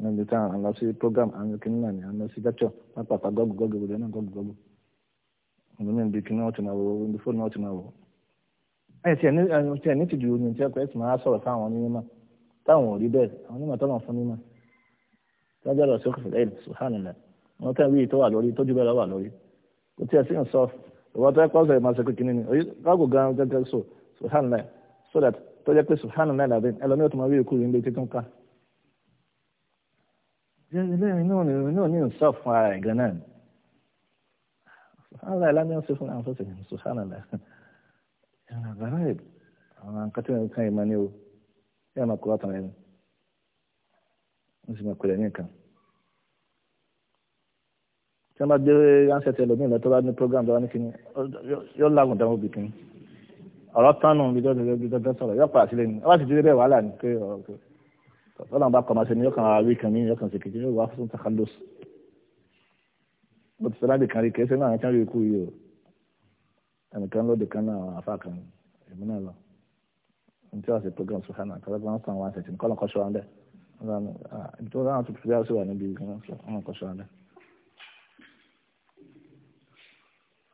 níbi táwọn àwọn lọ sí program àwọn kìnnì náà ni àwọn lọ sí lecture wọn pàpà gọ́gù gọ́gù gbogbo náà gọ́gù gọ́gù. ọ̀nà mi bí kìnnì wọn ti máa wò ó ní fóònù wọn ti máa wò ó. ẹ̀yìn tí ẹni tí ẹni ti ju ní ìjẹ́pẹ́ ẹ̀sìn máa sọ̀rọ̀ táwọn onímọ̀ táwọn ò rí bẹ́ẹ̀ àwọn onímọ̀ tọ́lọ̀ fún mímọ̀ tájọ́ lọ sí òkè ìwọ́n tó yẹ kó ọ̀sẹ̀ ìmọ̀ ṣẹ́kù kìíní ni oye káàgò gan gẹ́gẹ́ so subhanallah so that tó yẹ pé subhanallah làbẹ́ ẹlòmíràn tó máa rí ìkú rí ilé títún ká. náà ní nsọ́ fún ara ẹ̀ gan náà ni subhanallah ìlànà yóò ṣe fún àwọn sọ́sẹ̀ subhanallah ìrìn àgbàrá ẹ̀ àwọn akátí wọn kàn yìí máa ní o yóò máa kó àtàwọn ẹni wọ́n sì máa kó ní nǹkan tí wọ́n bá gbé ránṣẹ́ tẹ lómi ìlọ tó bá ní program tó bá ní kíní yóò lágùn dáhùn òbí kíní ọ̀rọ̀ tánù bí dọ́dọ́ sọ̀rọ̀ yóò padà sílé ni ọba ti dé bẹ́ẹ̀ wàhálà ni pé ọ̀rọ̀ pé ọ̀nà bá kọ́má sí ni yóò kàn ara wí kan mí yóò kàn sí kejì yóò wá fún takalos bó ti sọ́dá dìkan rí kẹsẹ́ náà kí wọ́n rí ikú yìí o ẹnìkan ló dìkan náà àfa kan èmi náà lọ n tí wọ́n ṣe program sùhánà kọ́lọ́gbọ́n wọn sàn wọn àṣẹ tí kọ́lọ́ ah, àwọn tó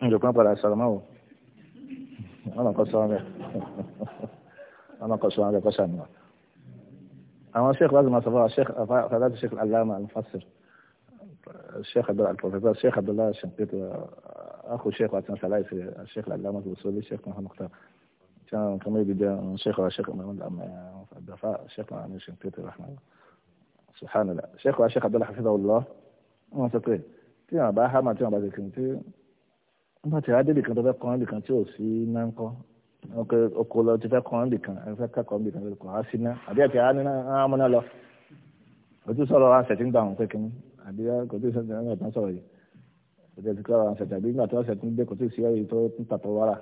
njọ̀kan padà sọ̀rọ̀ máa wò ọ̀nà kan sọ̀rọ̀ rẹ̀ ọ̀nà kan sọ̀rọ̀ rẹ̀ kọ́sà nìyà. àwọn sheikh lásìmọ̀ sọ̀rọ̀ sheikh fadàtì sheikh alama al-mufassir sheikh abdullahi professor sheikh Abdullah, shankit akhu sheikh Watan nasalayi sí al alama al-usuli sheikh muhammad mukhtar كان كما يبدا شيخ الشيخ محمد الدفاع الشيخ محمد الشنقيطي رحمه الله سبحان الله شيخ الشيخ Rahman. Subhanallah. حفظه الله wọn sọ pé tí wọn bá hámà tí wọn bá ti kìntì nígbà tí adé nìkan tó fẹ́ kọ́ nìkan tí ò sí iná ńkọ́ oko lọ ti fẹ́ kọ́ nìkan ẹ fẹ́ kọ́ nìkan kò á sí iná àbí àti àmúná lọ ojú sọ̀rọ̀ àṣẹ tí ń gbà wọn pé àbí kò tí ì sọ̀rọ̀ nígbà tó sọ̀rọ̀ yìí kò tí ì sọ̀rọ̀ àṣẹ tàbí nígbà tó ń sọ̀rọ̀ kò tí ì sí ẹ̀rí tó ń tàtọ̀ wára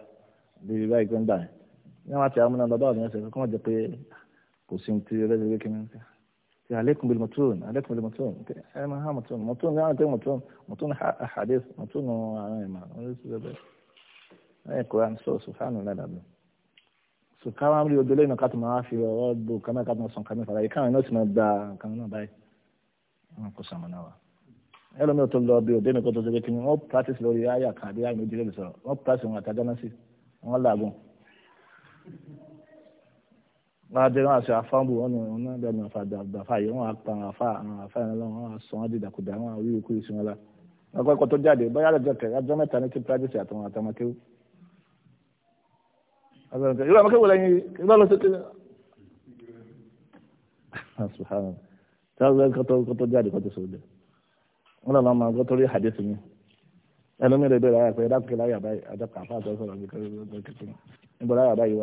bí في عليكم بالمتون عليكم بالمتون ما ها متون متون يعني كم متون متون أحاديث متون ما أيكوا يعني سو سبحان الله العظيم so ká wá rí ojú lẹ́yìn náà ká tó máa fi ọwọ́ bo kámẹ́ ká tó máa sàn kámẹ́ fara yìí káwọn iná ti máa da kámẹ́ náà báyìí wọn kò sàmà náà wa. ẹlòmíì tó lọ bí òde nìkan tó ṣe kí ni wọ́n practice lórí ayà kan àbí ayà méjì lórí sọ̀rọ̀ wọ́n practice wọn àtàjọ́ náà sí wọ́n làágùn wọ́n á dé wọ́n á ṣe afáǹbù wọn nù wọn náà dẹ́nu àfàdàfà yìí wọ́n á pa àwọn afá àwọn afá yẹn lọ́wọ́ wọ́n á sọ wọ́n di dàkúdà wọ́n á wíwí kú ìsìn wọn la ọkọ̀ ẹ̀kọ́ tó jáde bóyá lọ́jọ́ kẹ ọjọ́ mẹ́ta ní ti pírádìsì àtàwọn àtàmọ́kéwù. ìlú àmọ́kéwù lẹ́yìn ìgbà ló ṣe kéde. táwọn ẹ̀kọ́ tó jáde kọ́ tó sọ jẹ wọn lọ́nà ọmọ ọgọ́ tó rí hadith mi ẹlòmíràn ìbéèrè ayà pé ẹ̀dá kẹlẹ́ ayà báyìí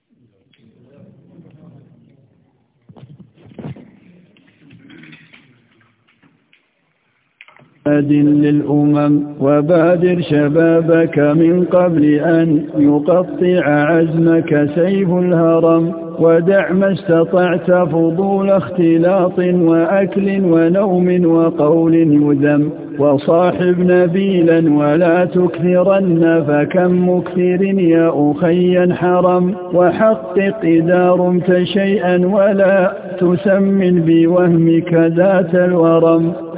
أد للأمم وبادر شبابك من قبل أن يقطع عزمك سيف الهرم ودع ما استطعت فضول اختلاط وأكل ونوم وقول يذم وصاحب نبيلا ولا تكثرن فكم مكثر يا أخي حرم وحقق إذا رمت شيئا ولا تسمن بوهمك ذات الورم